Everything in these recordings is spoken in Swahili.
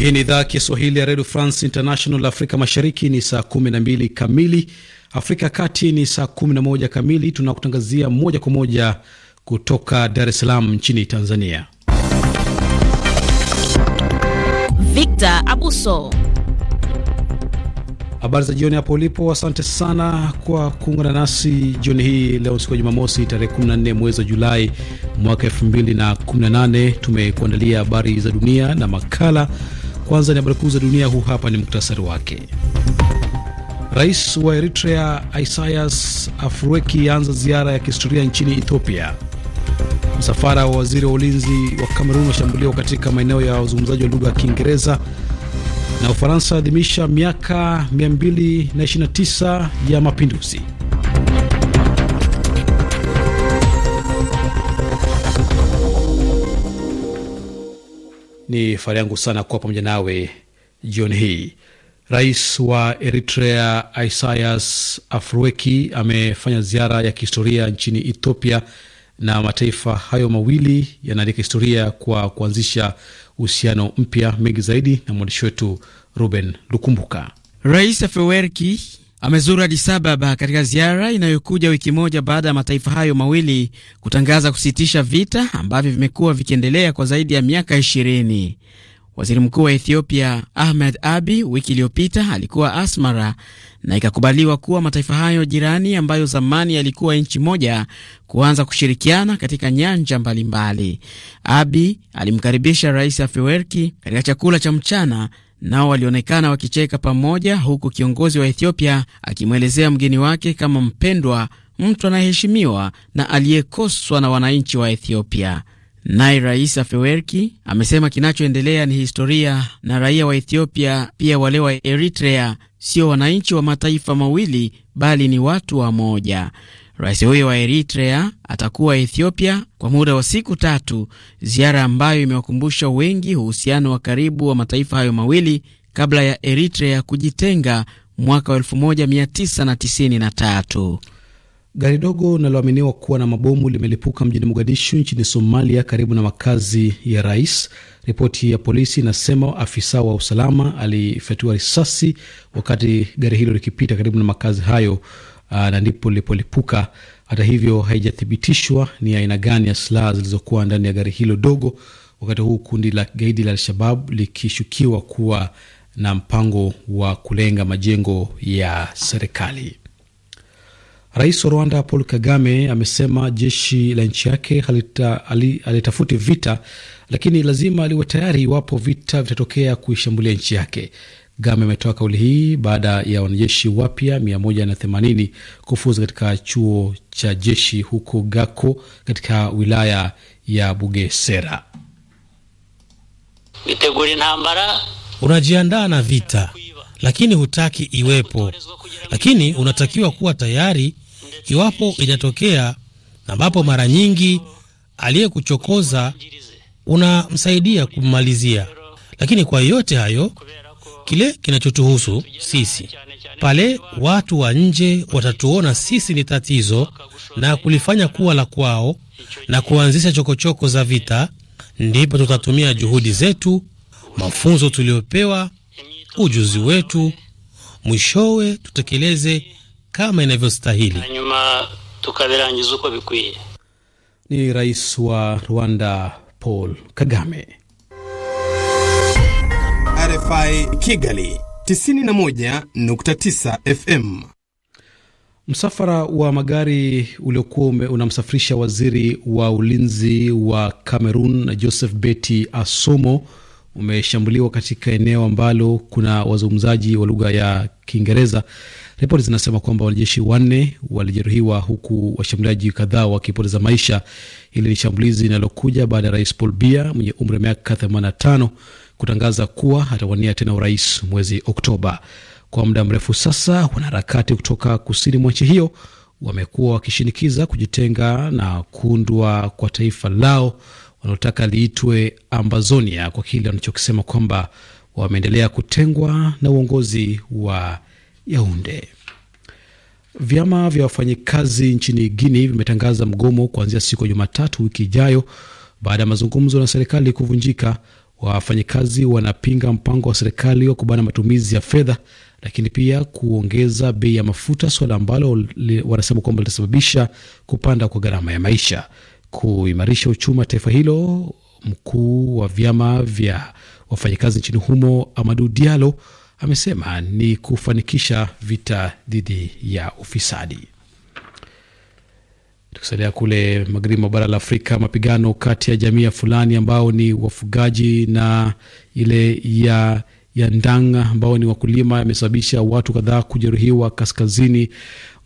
Hii ni idhaa Kiswahili ya redio France International. Afrika mashariki ni saa 12 kamili, Afrika ya kati ni saa 11 kamili. Tunakutangazia moja kwa moja kutoka Dar es Salaam nchini Tanzania. Victor Abuso, habari za jioni hapo ulipo. Asante sana kwa kuungana nasi jioni hii leo, siku ya Jumamosi tarehe 14 mwezi wa Julai mwaka 2018. Tumekuandalia habari za dunia na makala kwanza ni habari kuu za dunia, huu hapa ni muktasari wake. Rais wa Eritrea Isaias Afwerki aanza ziara ya kihistoria nchini Ethiopia. Msafara wa waziri wa ulinzi wa Kamerun washambuliwa katika maeneo ya wazungumzaji wa lugha ya Kiingereza. Na Ufaransa adhimisha miaka 229 ya mapinduzi. Ni fahari yangu sana kuwa pamoja nawe jioni hii. Rais wa Eritrea Isaias Afwerki amefanya ziara ya kihistoria nchini Ethiopia, na mataifa hayo mawili yanaandika historia kwa kuanzisha uhusiano mpya. Mengi zaidi na mwandishi wetu Ruben Lukumbuka. Rais Afwerki amezuru Addis Ababa katika ziara inayokuja wiki moja baada ya mataifa hayo mawili kutangaza kusitisha vita ambavyo vimekuwa vikiendelea kwa zaidi ya miaka ishirini. Waziri mkuu wa Ethiopia Ahmed Abi wiki iliyopita alikuwa Asmara na ikakubaliwa kuwa mataifa hayo jirani ambayo zamani yalikuwa nchi moja kuanza kushirikiana katika nyanja mbalimbali mbali. Abi alimkaribisha Rais Afewerki katika chakula cha mchana nao walionekana wakicheka pamoja, huku kiongozi wa Ethiopia akimwelezea mgeni wake kama mpendwa, mtu anayeheshimiwa na aliyekoswa na wananchi wa Ethiopia. Naye Rais Afewerki amesema kinachoendelea ni historia na raia wa Ethiopia pia wale wa Eritrea sio wananchi wa mataifa mawili bali ni watu wa moja. Rais huyo wa Eritrea atakuwa Ethiopia kwa muda wa siku tatu, ziara ambayo imewakumbusha wengi uhusiano wa karibu wa mataifa hayo mawili kabla ya Eritrea kujitenga mwaka wa 1993. Gari dogo linaloaminiwa kuwa na mabomu limelipuka mjini Mogadishu nchini Somalia, karibu na makazi ya rais. Ripoti ya polisi inasema afisa wa usalama alifyatua risasi wakati gari hilo likipita karibu na makazi hayo. Ah, na ndipo lilipolipuka. Hata hivyo, haijathibitishwa ni aina gani ya silaha zilizokuwa ndani ya gari hilo dogo, wakati huu kundi la gaidi la Al-Shabab likishukiwa kuwa na mpango wa kulenga majengo ya serikali. Rais wa Rwanda Paul Kagame amesema jeshi la nchi yake halitafuti vita, lakini lazima aliwe tayari iwapo vita vitatokea kuishambulia nchi yake. Game ametoa kauli hii baada ya wanajeshi wapya 180 kufuza katika chuo cha jeshi huko Gako katika wilaya ya Bugesera. Unajiandaa na vita, lakini hutaki iwepo, lakini unatakiwa kuwa tayari iwapo inatokea, ambapo mara nyingi aliyekuchokoza unamsaidia kumalizia. Lakini kwa yote hayo kile kinachotuhusu sisi. Pale watu wa nje watatuona sisi ni tatizo na kulifanya kuwa la kwao na kuanzisha chokochoko za vita, ndipo tutatumia juhudi zetu, mafunzo tuliyopewa, ujuzi wetu, mwishowe tutekeleze kama inavyostahili. Ni Rais wa Rwanda Paul Kagame. RFI Kigali 91.9 FM. Msafara wa magari uliokuwa unamsafirisha waziri wa ulinzi wa Cameroon Joseph Beti Asomo umeshambuliwa katika eneo ambalo kuna wazungumzaji wa lugha ya Kiingereza. Ripoti zinasema kwamba wanajeshi wanne walijeruhiwa huku washambuliaji kadhaa wakipoteza maisha. Hili ni shambulizi linalokuja baada ya rais Paul bia mwenye umri wa miaka 85 kutangaza kuwa atawania tena urais mwezi Oktoba. Kwa muda mrefu sasa, wanaharakati kutoka kusini mwa nchi hiyo wamekuwa wakishinikiza kujitenga na kuundwa kwa taifa lao wanaotaka liitwe Ambazonia kwa kile wanachokisema kwamba wameendelea kutengwa na uongozi wa Yaunde. Vyama vya wafanyikazi nchini Guini vimetangaza mgomo kuanzia siku ya Jumatatu wiki ijayo baada ya mazungumzo na serikali kuvunjika, Wafanyakazi wanapinga mpango wa serikali wa kubana matumizi ya fedha, lakini pia kuongeza bei ya mafuta, suala ambalo wanasema kwamba litasababisha kupanda kwa gharama ya maisha. Kuimarisha uchumi wa taifa hilo, mkuu wa vyama vya wafanyakazi nchini humo Amadu Diallo amesema ni kufanikisha vita dhidi ya ufisadi. Tukisalia kule magharibi mwa bara la Afrika, mapigano kati ya jamii ya Fulani ambao ni wafugaji na ile ya ya Ndanga ambao ni wakulima yamesababisha watu kadhaa kujeruhiwa kaskazini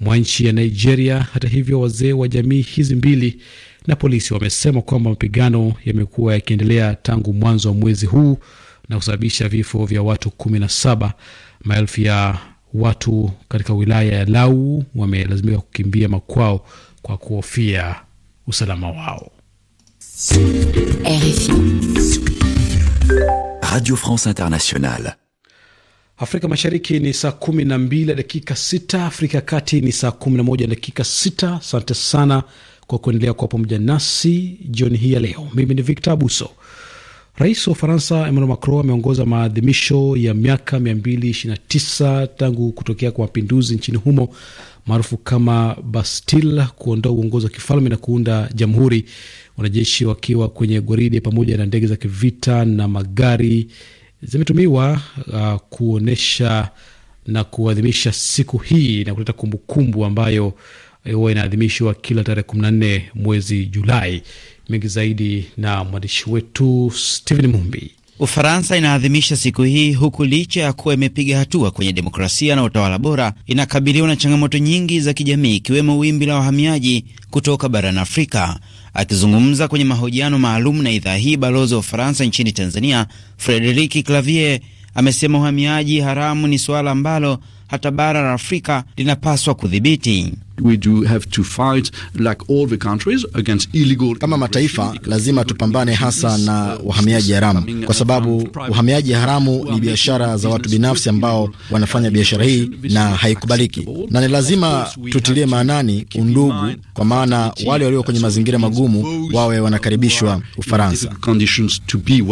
mwa nchi ya Nigeria. Hata hivyo, wazee wa jamii hizi mbili na polisi wamesema kwamba mapigano yamekuwa yakiendelea tangu mwanzo wa mwezi huu na kusababisha vifo vya watu kumi na saba. Maelfu ya watu katika wilaya ya Lau wamelazimika kukimbia makwao kwa kuhofia usalama wao. Radio France Internationale. Afrika Mashariki ni saa kumi na mbili na dakika sita. Afrika ya Kati ni saa kumi na moja na dakika sita. Asante sana kwa kuendelea kwa pamoja nasi jioni hii ya leo. Mimi ni Victor Abuso. Rais wa Ufaransa Emmanuel Macron ameongoza maadhimisho ya miaka 229 tangu kutokea kwa mapinduzi nchini humo maarufu kama Bastille kuondoa uongozi wa kifalme na kuunda jamhuri, wanajeshi wakiwa kwenye gwaride pamoja na ndege za kivita na magari zimetumiwa uh, kuonyesha na kuadhimisha siku hii na kuleta kumbukumbu ambayo eh, huwa inaadhimishwa kila tarehe nne mwezi Julai. Mengi zaidi na mwandishi wetu stehen Mumbi. Ufaransa inaadhimisha siku hii huku licha ya kuwa imepiga hatua kwenye demokrasia na utawala bora, inakabiliwa na changamoto nyingi za kijamii, ikiwemo wimbi la wahamiaji kutoka barani Afrika. Akizungumza kwenye mahojiano maalum na idhaa hii, balozi wa Ufaransa nchini Tanzania Frederiki Clavier amesema uhamiaji haramu ni suala ambalo hata bara la Afrika linapaswa kudhibiti. We do have to fight, like all the countries, against illegal. Kama mataifa lazima tupambane hasa na uh, wahamiaji haramu, kwa sababu uhamiaji haramu ni biashara za watu binafsi ambao wanafanya biashara hii na haikubaliki, na ni lazima tutilie maanani undugu, kwa maana wale walio kwenye mazingira magumu wawe wanakaribishwa Ufaransa. Uh,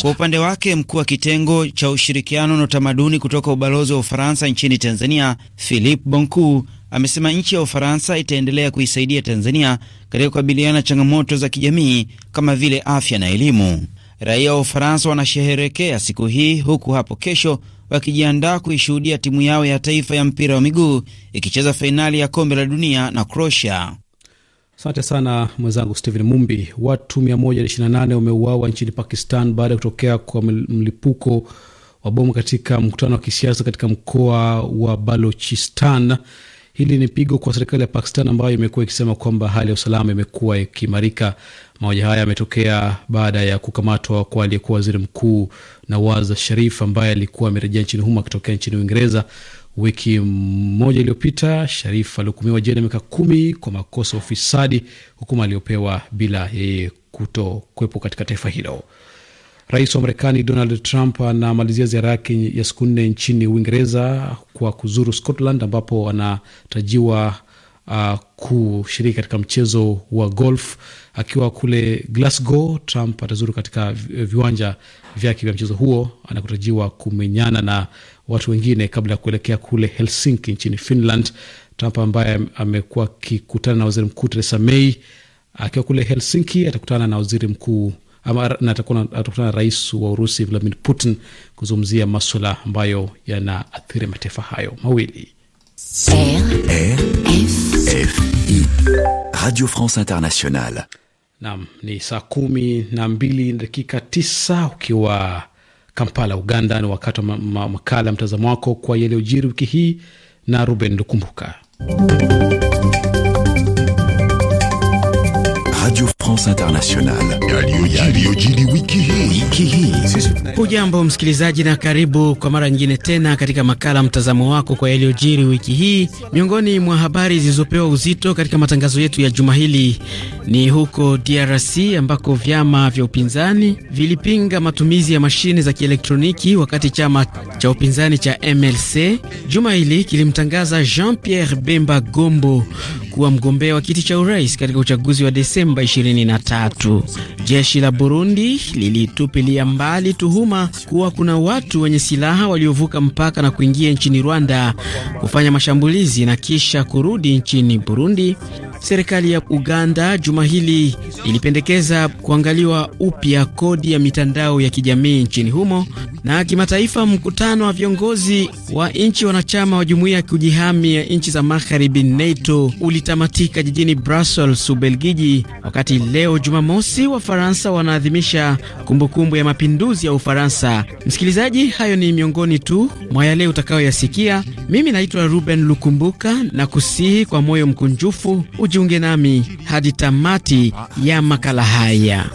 kwa upande wake, mkuu wa kitengo cha ushirikiano na utamaduni kutoka ubalozi wa Ufaransa nchini Tanzania Philippe Bon mkuu amesema nchi ya Ufaransa itaendelea kuisaidia Tanzania katika kukabiliana na changamoto za kijamii kama vile afya na elimu. Raia wa Ufaransa wanasherehekea siku hii huku hapo kesho wakijiandaa kuishuhudia timu yao ya taifa ya mpira wa miguu ikicheza fainali ya kombe la dunia na Croatia. Asante sana mwenzangu Stephen Mumbi. Watu 128 wameuawa nchini Pakistan baada ya kutokea kwa mlipuko wabomu katika mkutano wa kisiasa katika mkoa wa Balochistan. Hili ni pigo kwa serikali ya Pakistan ambayo imekuwa ikisema kwamba hali ya usalama imekuwa ikiimarika. Mauaji haya yametokea baada ya kukamatwa kwa aliyekuwa waziri mkuu Nawaz Sharif ambaye alikuwa amerejea nchini humo akitokea nchini Uingereza wiki moja iliyopita. Sharif alihukumiwa jela miaka kumi kwa makosa ya ufisadi, hukuma aliyopewa bila yeye kutokuwepo katika taifa hilo. Rais wa Marekani Donald Trump anamalizia ziara yake ya siku nne nchini Uingereza kwa kuzuru Scotland ambapo anatarajiwa uh, kushiriki katika mchezo wa golf. Akiwa kule Glasgow, Trump atazuru katika viwanja vyake vya mchezo huo anakotarajiwa kumenyana na watu wengine kabla ya kuelekea kule Helsinki nchini Finland. Trump ambaye amekuwa akikutana na waziri mkuu Theresa May akiwa kule Helsinki atakutana na waziri mkuu ama atakuwa atakutana na rais wa Urusi Vladimir Putin kuzungumzia maswala ambayo yanaathiri mataifa hayo mawili. RFI Radio France Internationale. Naam, ni saa kumi na mbili na dakika tisa ukiwa Kampala, Uganda. Ni wakati wa makala mtazamo wako kwa yaliyojiri wiki hii na Ruben Lukumbuka. Radio France Internationale. Wiki Hujambo msikilizaji na karibu kwa mara nyingine tena katika makala mtazamo wako kwa yaliyojiri wiki hii. Miongoni mwa habari zilizopewa uzito katika matangazo yetu ya juma hili ni huko DRC ambako vyama vya upinzani vilipinga matumizi ya mashine za kielektroniki wakati chama cha upinzani cha MLC juma hili kilimtangaza Jean-Pierre Bemba Gombo kuwa mgombea wa kiti cha urais katika uchaguzi wa Desemba 23. Jeshi la Burundi lilitupilia mbali tuhuma kuwa kuna watu wenye silaha waliovuka mpaka na kuingia nchini Rwanda kufanya mashambulizi na kisha kurudi nchini Burundi. Serikali ya Uganda juma hili ilipendekeza kuangaliwa upya kodi ya mitandao ya kijamii nchini humo. Na kimataifa, mkutano wa viongozi wa nchi wanachama wa jumuiya ya kujihami ya nchi za magharibi NATO uli vilitamatika jijini Brussels, Ubelgiji, wakati leo Jumamosi Wafaransa wanaadhimisha kumbukumbu ya mapinduzi ya Ufaransa. Msikilizaji, hayo ni miongoni tu mwa yale utakayoyasikia. Mimi naitwa Ruben Lukumbuka na kusihi kwa moyo mkunjufu ujiunge nami hadi tamati ya makala haya.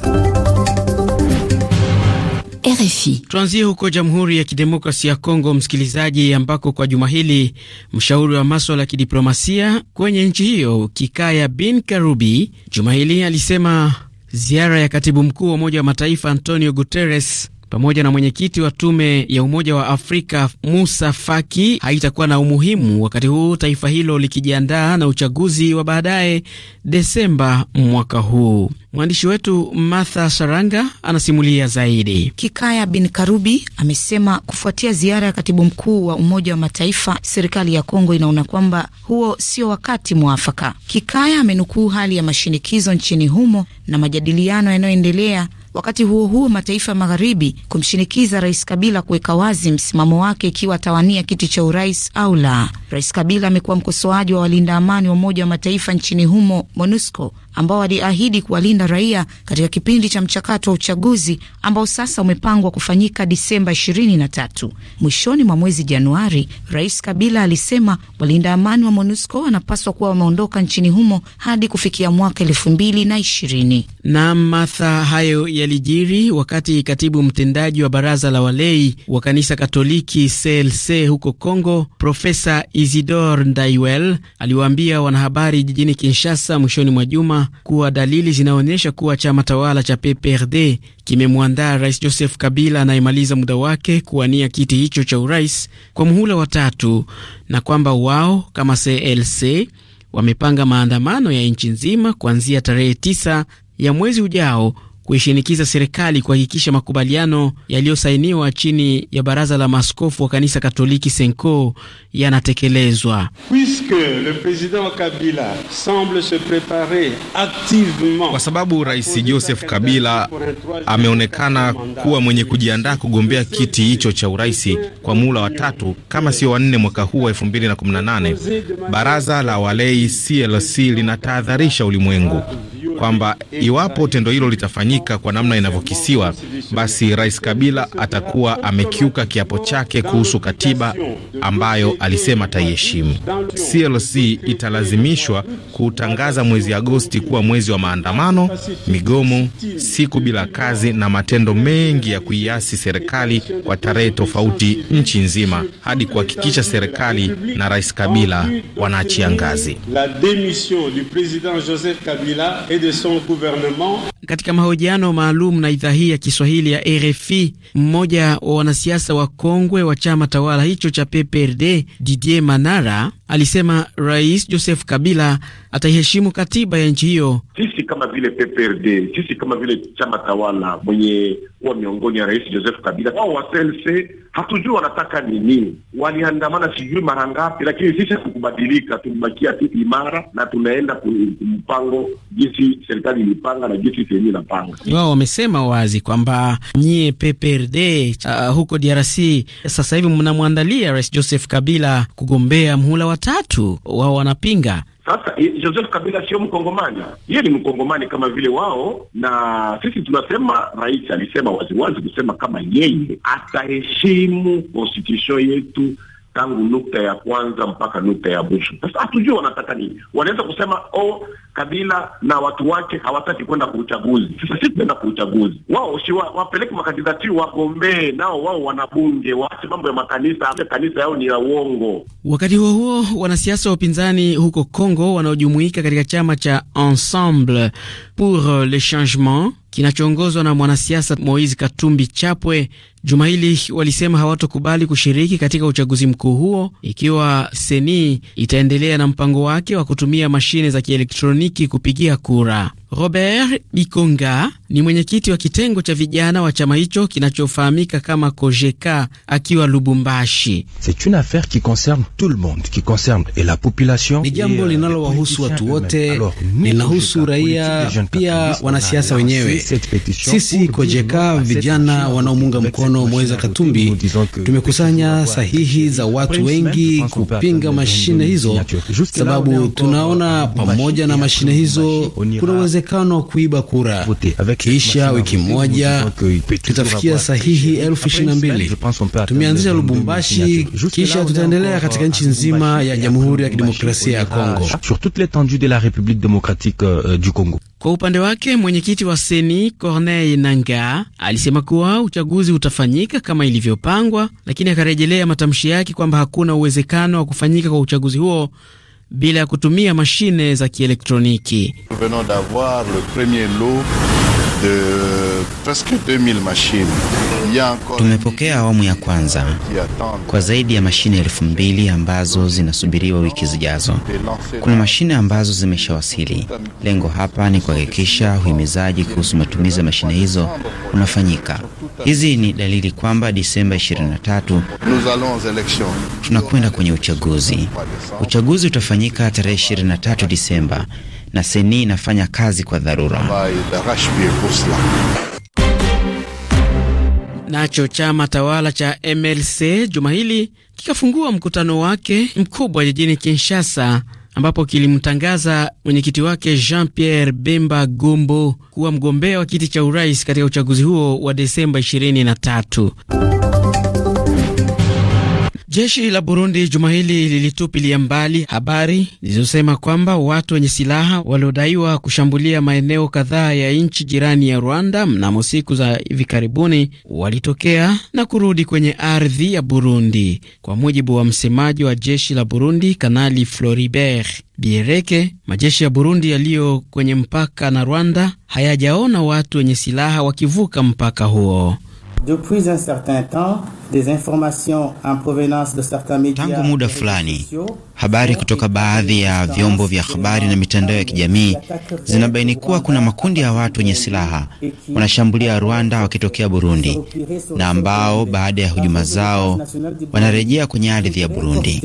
RFI. Tuanzie huko Jamhuri ya Kidemokrasia ya Kongo, msikilizaji, ambako kwa juma hili mshauri wa maswala ya kidiplomasia kwenye nchi hiyo Kikaya bin Karubi juma hili alisema ziara ya katibu mkuu wa Umoja wa Mataifa Antonio Guterres pamoja na mwenyekiti wa tume ya Umoja wa Afrika Musa Faki haitakuwa na umuhimu wakati huu taifa hilo likijiandaa na uchaguzi wa baadaye Desemba mwaka huu. Mwandishi wetu Martha Saranga anasimulia zaidi. Kikaya bin Karubi amesema kufuatia ziara ya katibu mkuu wa Umoja wa Mataifa, serikali ya Kongo inaona kwamba huo sio wakati mwafaka. Kikaya amenukuu hali ya mashinikizo nchini humo na majadiliano yanayoendelea Wakati huo huo, mataifa ya magharibi kumshinikiza Rais Kabila kuweka wazi msimamo wake ikiwa atawania kiti cha urais au la. Rais Kabila amekuwa mkosoaji wa walinda amani wa Umoja wa Mataifa nchini humo MONUSCO ambao waliahidi kuwalinda raia katika kipindi cha mchakato wa uchaguzi ambao sasa umepangwa kufanyika Disemba 23. Mwishoni mwa mwezi Januari, Rais Kabila alisema walinda amani wa MONUSCO wanapaswa kuwa wameondoka nchini humo hadi kufikia mwaka 220 Na Martha, hayo yalijiri wakati katibu mtendaji wa baraza la walei wa kanisa Katoliki CLC huko congo Profesa isidor Ndaiwel aliwaambia wanahabari jijini Kinshasa mwishoni mwa juma kuwa dalili zinaonyesha kuwa chama tawala cha PPRD kimemwandaa Rais Joseph Kabila anayemaliza muda wake kuwania kiti hicho cha urais kwa muhula wa tatu, na kwamba wao kama CLC wamepanga maandamano ya nchi nzima kuanzia tarehe tisa ya mwezi ujao kuishinikiza serikali kuhakikisha makubaliano yaliyosainiwa chini ya baraza la maaskofu wa kanisa Katoliki Senko yanatekelezwa. Kwa sababu Rais Joseph Kabila ameonekana kuwa mwenye kujiandaa kugombea kiti hicho cha uraisi kwa muhula wa tatu kama sio wanne mwaka huu wa 2018, baraza la walei CLC linatahadharisha ulimwengu kwamba iwapo tendo hilo litafanyika kwa namna inavyokisiwa, basi Rais Kabila atakuwa amekiuka kiapo chake kuhusu katiba ambayo alisema ataiheshimu. CLC italazimishwa kutangaza mwezi Agosti kuwa mwezi wa maandamano, migomo, siku bila kazi na matendo mengi ya kuiasi serikali kwa tarehe tofauti nchi nzima hadi kuhakikisha serikali na Rais Kabila wanaachia ngazi. de son gouvernement Katika mahojiano maalum na idhaa hii ya Kiswahili ya RFI, mmoja wa wanasiasa wa kongwe wa chama tawala hicho cha PPRD Didier Manara alisema Rais Joseph Kabila ataiheshimu katiba ya nchi hiyo. Sisi kama vile PPRD, sisi kama vile chama tawala mwenye kuwa miongoni ya Rais Joseph Kabila, wao wa CLC hatujui wanataka nini. Waliandamana sijui mara ngapi, lakini sisi hatukubadilika, tulibakia tu imara na tunaenda kumpango jinsi serikali ilipanga na jinsi Denis Lapanga. Wao wamesema wazi kwamba nyie PPRD uh, huko DRC sasa hivi mnamwandalia Rais Joseph Kabila kugombea mhula wa tatu, wao wanapinga sasa Joseph Kabila sio Mkongomani, yeye ni Mkongomani kama vile wao, na sisi tunasema rais alisema waziwazi kusema kama yeye ataheshimu konstitution yetu tangu nukta ya kwanza mpaka nukta ya mwisho. Sasa hatujui wanataka nini. Wanaweza kusema oh, Kabila na watu wake hawataki kwenda kwa uchaguzi. Sasa sisi tunaenda kwa uchaguzi, wao wapeleke makandidati wagombee, nao wao wanabunge waache mambo ya makanisa. Kanisa yao ni ya uongo. Wakati huo huo, wanasiasa wa upinzani huko Kongo wanaojumuika katika chama cha Ensemble pour le Changement kinachoongozwa na mwanasiasa Moise Katumbi Chapwe Juma hili walisema hawatokubali kushiriki katika uchaguzi mkuu huo ikiwa seni itaendelea na mpango wake wa kutumia mashine za kielektroniki kupigia kura. Robert Bikonga ni mwenyekiti wa kitengo cha vijana wa chama hicho kinachofahamika kama Kojeka akiwa Lubumbashi. Ni jambo euh, linalowahusu watu wote, linahusu raia pia wanasiasa wenyewe. Sisi Kojeka, vijana wanaomunga mkono mfano mweza Katumbi, tumekusanya sahihi za watu wengi kupinga mashine hizo, sababu tunaona pamoja na mashine hizo kuna uwezekano wa kuiba kura. Kisha wiki moja tutafikia sahihi elfu ishirini na mbili. Tumeanzisha Lubumbashi, kisha tutaendelea katika nchi nzima ya Jamhuri ya Kidemokrasia ya Kongo. Kwa upande wake mwenyekiti wa Seni Corneille nanga alisema kuwa uchaguzi utafanyika kama ilivyopangwa, lakini akarejelea matamshi yake kwamba hakuna uwezekano wa kufanyika kwa uchaguzi huo bila ya kutumia mashine za kielektroniki. Euh, Tumepokea awamu ya kwanza kwa zaidi ya mashine elfu mbili ambazo zinasubiriwa wiki zijazo. Kuna mashine ambazo zimeshawasili. Lengo hapa ni kuhakikisha uhimizaji kuhusu matumizi ya mashine hizo unafanyika. Hizi ni dalili kwamba Disemba 23 tunakwenda kwenye uchaguzi. Uchaguzi utafanyika tarehe 23 Disemba na seni inafanya kazi kwa dharura. Nacho chama tawala cha MLC juma hili kikafungua mkutano wake mkubwa jijini Kinshasa ambapo kilimtangaza mwenyekiti wake Jean Pierre Bemba Gombo kuwa mgombea wa kiti cha urais katika uchaguzi huo wa Desemba 23. Jeshi la Burundi juma hili lilitupilia mbali habari zilizosema kwamba watu wenye silaha waliodaiwa kushambulia maeneo kadhaa ya nchi jirani ya Rwanda mnamo siku za hivi karibuni walitokea na kurudi kwenye ardhi ya Burundi. Kwa mujibu wa msemaji wa jeshi la Burundi, Kanali Floribert Biereke, majeshi ya Burundi yaliyo kwenye mpaka na Rwanda hayajaona watu wenye silaha wakivuka mpaka huo. Depuis un certain temps, des informations en provenance de certains médias tangu Habari kutoka baadhi ya vyombo vya habari na mitandao ya kijamii zinabaini kuwa kuna makundi ya watu wenye silaha wanashambulia Rwanda wakitokea Burundi na ambao baada ya hujuma zao wanarejea kwenye ardhi ya Burundi.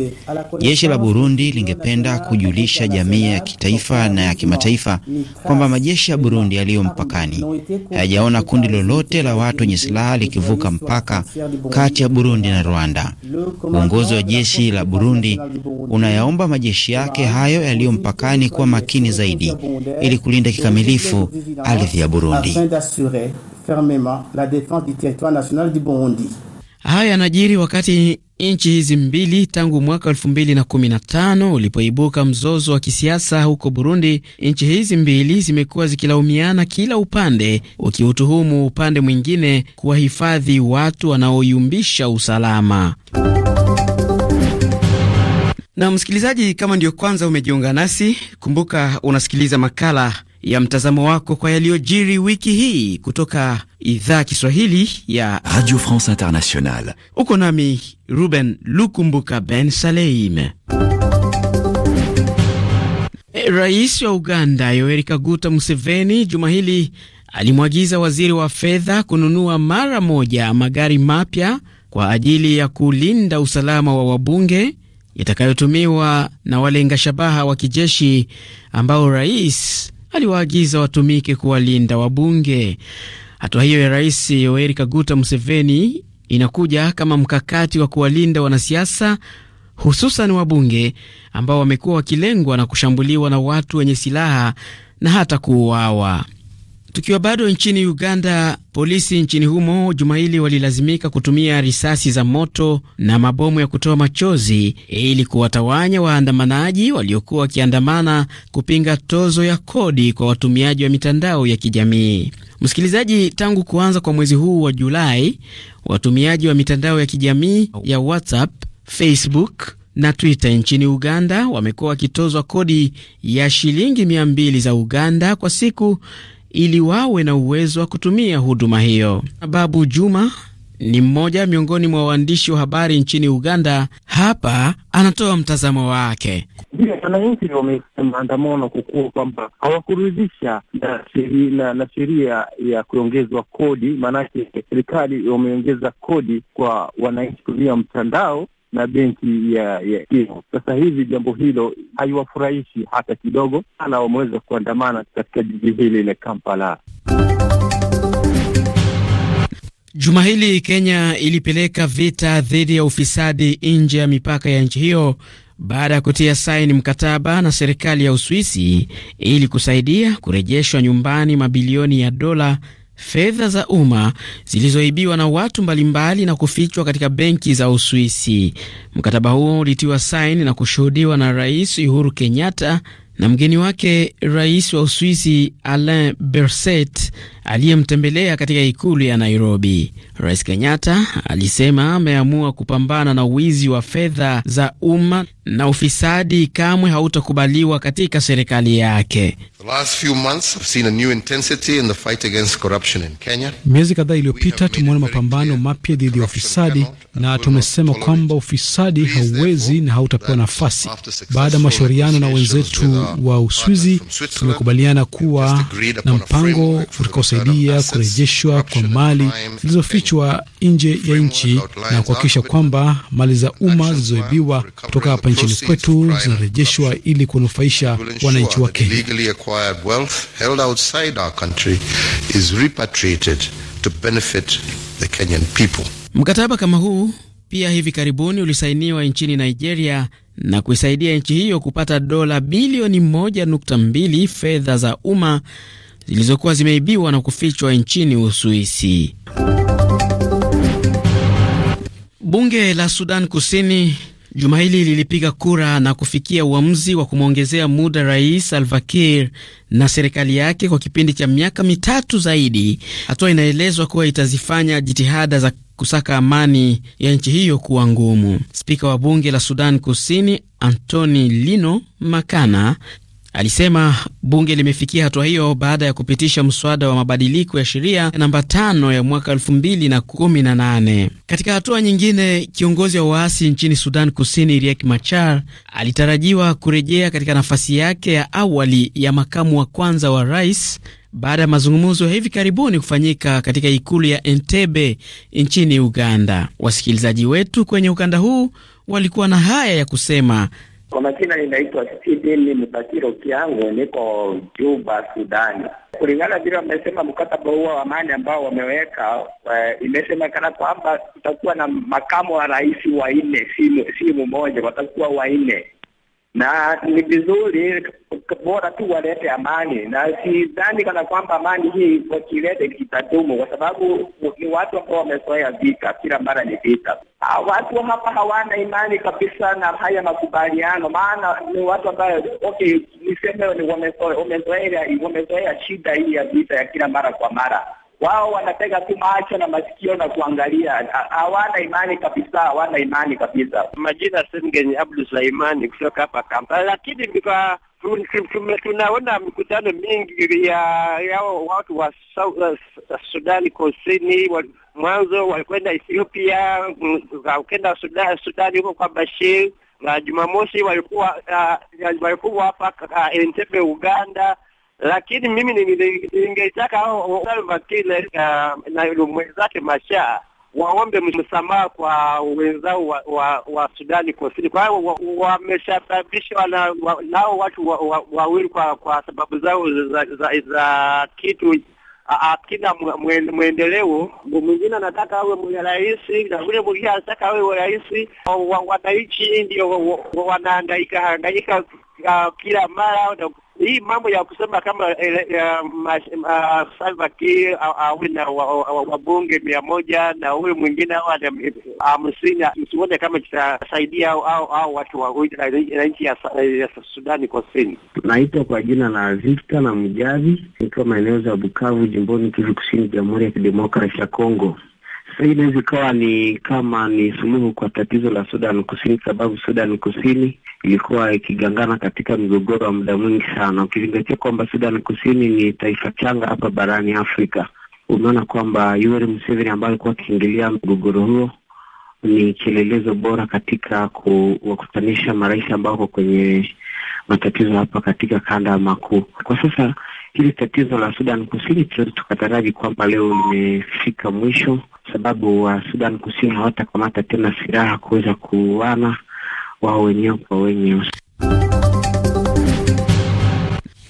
Jeshi la Burundi lingependa kujulisha jamii ya kitaifa na ya kimataifa kwamba majeshi ya Burundi yaliyo mpakani hayajaona kundi lolote la watu wenye silaha likivuka mpaka kati ya Burundi na Rwanda. Uongozi wa jeshi la Burundi unayaomba majeshi yake hayo yaliyo mpakani kuwa makini zaidi ili kulinda kikamilifu ardhi ya Burundi. Hayo yanajiri wakati nchi hizi mbili tangu mwaka 2015 ulipoibuka mzozo wa kisiasa huko Burundi, nchi hizi mbili zimekuwa zikilaumiana, kila upande ukiutuhumu upande mwingine kuwahifadhi watu wanaoyumbisha usalama. Na msikilizaji, kama ndiyo kwanza umejiunga nasi, kumbuka unasikiliza makala ya mtazamo wako kwa yaliyojiri wiki hii kutoka idhaa Kiswahili ya Radio France Internationale. Uko nami Ruben Lukumbuka Ben Saleim. Eh, rais wa Uganda Yoweri Kaguta Museveni juma hili alimwagiza waziri wa fedha kununua mara moja magari mapya kwa ajili ya kulinda usalama wa wabunge itakayotumiwa na walenga shabaha wa kijeshi ambao rais aliwaagiza watumike kuwalinda wabunge. Hatua hiyo ya Rais Yoweri Kaguta Museveni inakuja kama mkakati wa kuwalinda wanasiasa hususan wabunge ambao wamekuwa wakilengwa na kushambuliwa na watu wenye silaha na hata kuuawa. Tukiwa bado nchini Uganda, polisi nchini humo juma hili walilazimika kutumia risasi za moto na mabomu ya kutoa machozi ili kuwatawanya waandamanaji waliokuwa wakiandamana kupinga tozo ya kodi kwa watumiaji wa mitandao ya kijamii. Msikilizaji, tangu kuanza kwa mwezi huu wa Julai, watumiaji wa mitandao ya kijamii ya WhatsApp, Facebook na Twitter nchini Uganda wamekuwa wakitozwa kodi ya shilingi mia mbili za Uganda kwa siku ili wawe na uwezo wa kutumia huduma hiyo. Babu Juma ni mmoja miongoni mwa waandishi wa habari nchini Uganda. Hapa anatoa mtazamo wake. Ndio wananchi wamefanya maandamano kukua kwamba hawakuridhisha na sheria ya kuongezwa kodi, maanake serikali wameongeza kodi kwa wananchi kutumia mtandao na benki ya ya Kivu. Sasa hivi jambo hilo haiwafurahishi hata kidogo, sana wameweza kuandamana katika jiji hili la Kampala. Juma hili Kenya ilipeleka vita dhidi ya ufisadi nje ya mipaka ya nchi hiyo baada ya kutia saini mkataba na serikali ya Uswisi ili kusaidia kurejeshwa nyumbani mabilioni ya dola fedha za umma zilizoibiwa na watu mbalimbali na kufichwa katika benki za Uswisi. Mkataba huo ulitiwa saini na kushuhudiwa na Rais Uhuru Kenyatta na mgeni wake Rais wa Uswisi Alain Berset aliyemtembelea katika ikulu ya Nairobi. Rais Kenyatta alisema ameamua kupambana na uwizi wa fedha za umma na ufisadi kamwe hautakubaliwa katika serikali yake. Miezi kadhaa iliyopita tumeona mapambano mapya dhidi ya ufisadi na tumesema kwamba ufisadi hauwezi na hautapewa nafasi. Baada ya mashauriano na wenzetu wa Uswizi, tumekubaliana kuwa na mpango utakao kusaidia kurejeshwa kwa mali zilizofichwa nje ya nchi na kuhakikisha kwamba mali za umma zilizoibiwa kutoka hapa nchini kwetu zinarejeshwa ili kunufaisha wananchi wa Kenya. Mkataba kama huu pia hivi karibuni ulisainiwa nchini Nigeria na kuisaidia nchi hiyo kupata dola bilioni 1.2 fedha za umma zilizokuwa zimeibiwa na kufichwa nchini Uswisi. Bunge la Sudan Kusini juma hili lilipiga kura na kufikia uamuzi wa kumwongezea muda Rais Salva Kiir na serikali yake kwa kipindi cha miaka mitatu zaidi, hatua inaelezwa kuwa itazifanya jitihada za kusaka amani ya nchi hiyo kuwa ngumu. Spika wa bunge la Sudan Kusini Antoni Lino Makana Alisema bunge limefikia hatua hiyo baada ya kupitisha mswada wa mabadiliko ya sheria namba tano ya mwaka elfu mbili na kumi na nane. Katika hatua nyingine, kiongozi wa waasi nchini Sudan Kusini Riek Machar alitarajiwa kurejea katika nafasi yake ya awali ya makamu wa kwanza wa rais baada ya mazungumzo ya hivi karibuni kufanyika katika ikulu ya Entebbe nchini Uganda. Wasikilizaji wetu kwenye ukanda huu walikuwa na haya ya kusema kwa majina ninaitwa Steven Mbatiro Kiangu, niko Juba, Sudani. Kulingana vile wamesema mkataba huo wa amani ambao wameweka e, imesemekana kwamba kutakuwa na makamu wa rais wanne, si mmoja, watakuwa wanne na ni vizuri bora tu walete amani, na sidhani kana kwamba amani hii wakilete kitadumu, kwa sababu ni watu ambao wamezoea vita, kila mara ni vita. Ah, watu hapa hawana imani kabisa na haya makubaliano, maana ni watu ambayo, okay, niseme wamezoea shida hii ya vita ya kila mara kwa mara wao wanatega tu macho na masikio na kuangalia, hawana imani kabisa, hawana imani kabisa. Majina Sengenye Abdu Suleimani kutoka hapa Kampala, lakini kwa tunaona mikutano mingi ya, yao watu wa uh, Sudani Kusini wa, mwanzo walikwenda Ethiopia, wakenda mm, Sudani, Sudani huko kwa Bashir, na Jumamosi walikuwa uh, walikuwa hapa uh, Entebbe Uganda lakini mimi ningeitaka hao ah, na mwenzake masha waombe msamaha kwa wenzao wa, wa, wa Sudani Kusini, kwa hiyo wa, wa wa, nao watu wawili wa kwa, kwa sababu zao za, za, za kitu ah, akina mwendeleo. Mwingine anataka awe rais na ule mwingine anataka awe rais. Wananchi ndio wanahangaika hangaika ah, kila mara hii mambo ya kusema kama eh, Salva Kiir awe na wabunge mia moja na huyu mwingine awe na hamsini, msione kama kitasaidia au watu wa nchi ya Sudani Kusini. Naitwa kwa jina la Victor na Mjavi, nikiwa maeneo za Bukavu, jimboni Kivu Kusini, Jamhuri ya Kidemokrasi ya Kongo hii inaweza ikawa ni kama ni suluhu kwa tatizo la Sudan Kusini, kwa sababu Sudan Kusini ilikuwa ikigangana katika mgogoro wa muda mwingi sana, ukizingatia kwamba Sudan Kusini ni taifa changa hapa barani Afrika. Umeona kwamba Yoweri Museveni ambaye alikuwa akiingilia mgogoro huo ni kielelezo bora katika kuwakutanisha marais ambao wako kwenye matatizo hapa katika kanda makuu. Kwa sasa Hili tatizo la Sudan Kusini tunaweza tukataraji kwamba leo limefika mwisho, sababu wa Sudan Kusini hawatakamata tena silaha kuweza kuuana wao wenyewe kwa wenyewe.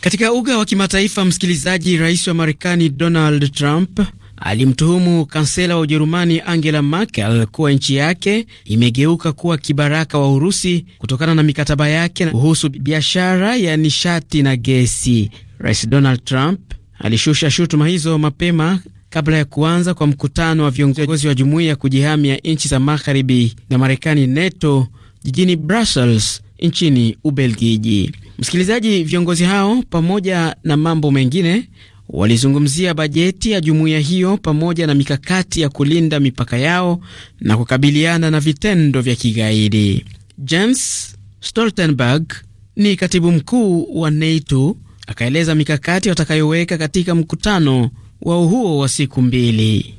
Katika uga wa kimataifa, msikilizaji, rais wa Marekani Donald Trump alimtuhumu kansela wa Ujerumani Angela Merkel kuwa nchi yake imegeuka kuwa kibaraka wa Urusi kutokana na mikataba yake kuhusu biashara ya nishati na gesi. Rais Donald Trump alishusha shutuma hizo mapema kabla ya kuanza kwa mkutano wa viongozi wa jumuiya ya kujihami ya nchi za magharibi na Marekani, NATO, jijini Brussels nchini Ubelgiji. Msikilizaji, viongozi hao pamoja na mambo mengine walizungumzia bajeti ya jumuiya hiyo pamoja na mikakati ya kulinda mipaka yao na kukabiliana na vitendo vya kigaidi. Jens Stoltenberg ni katibu mkuu wa NATO akaeleza mikakati watakayoweka katika mkutano wao huo wa siku mbili.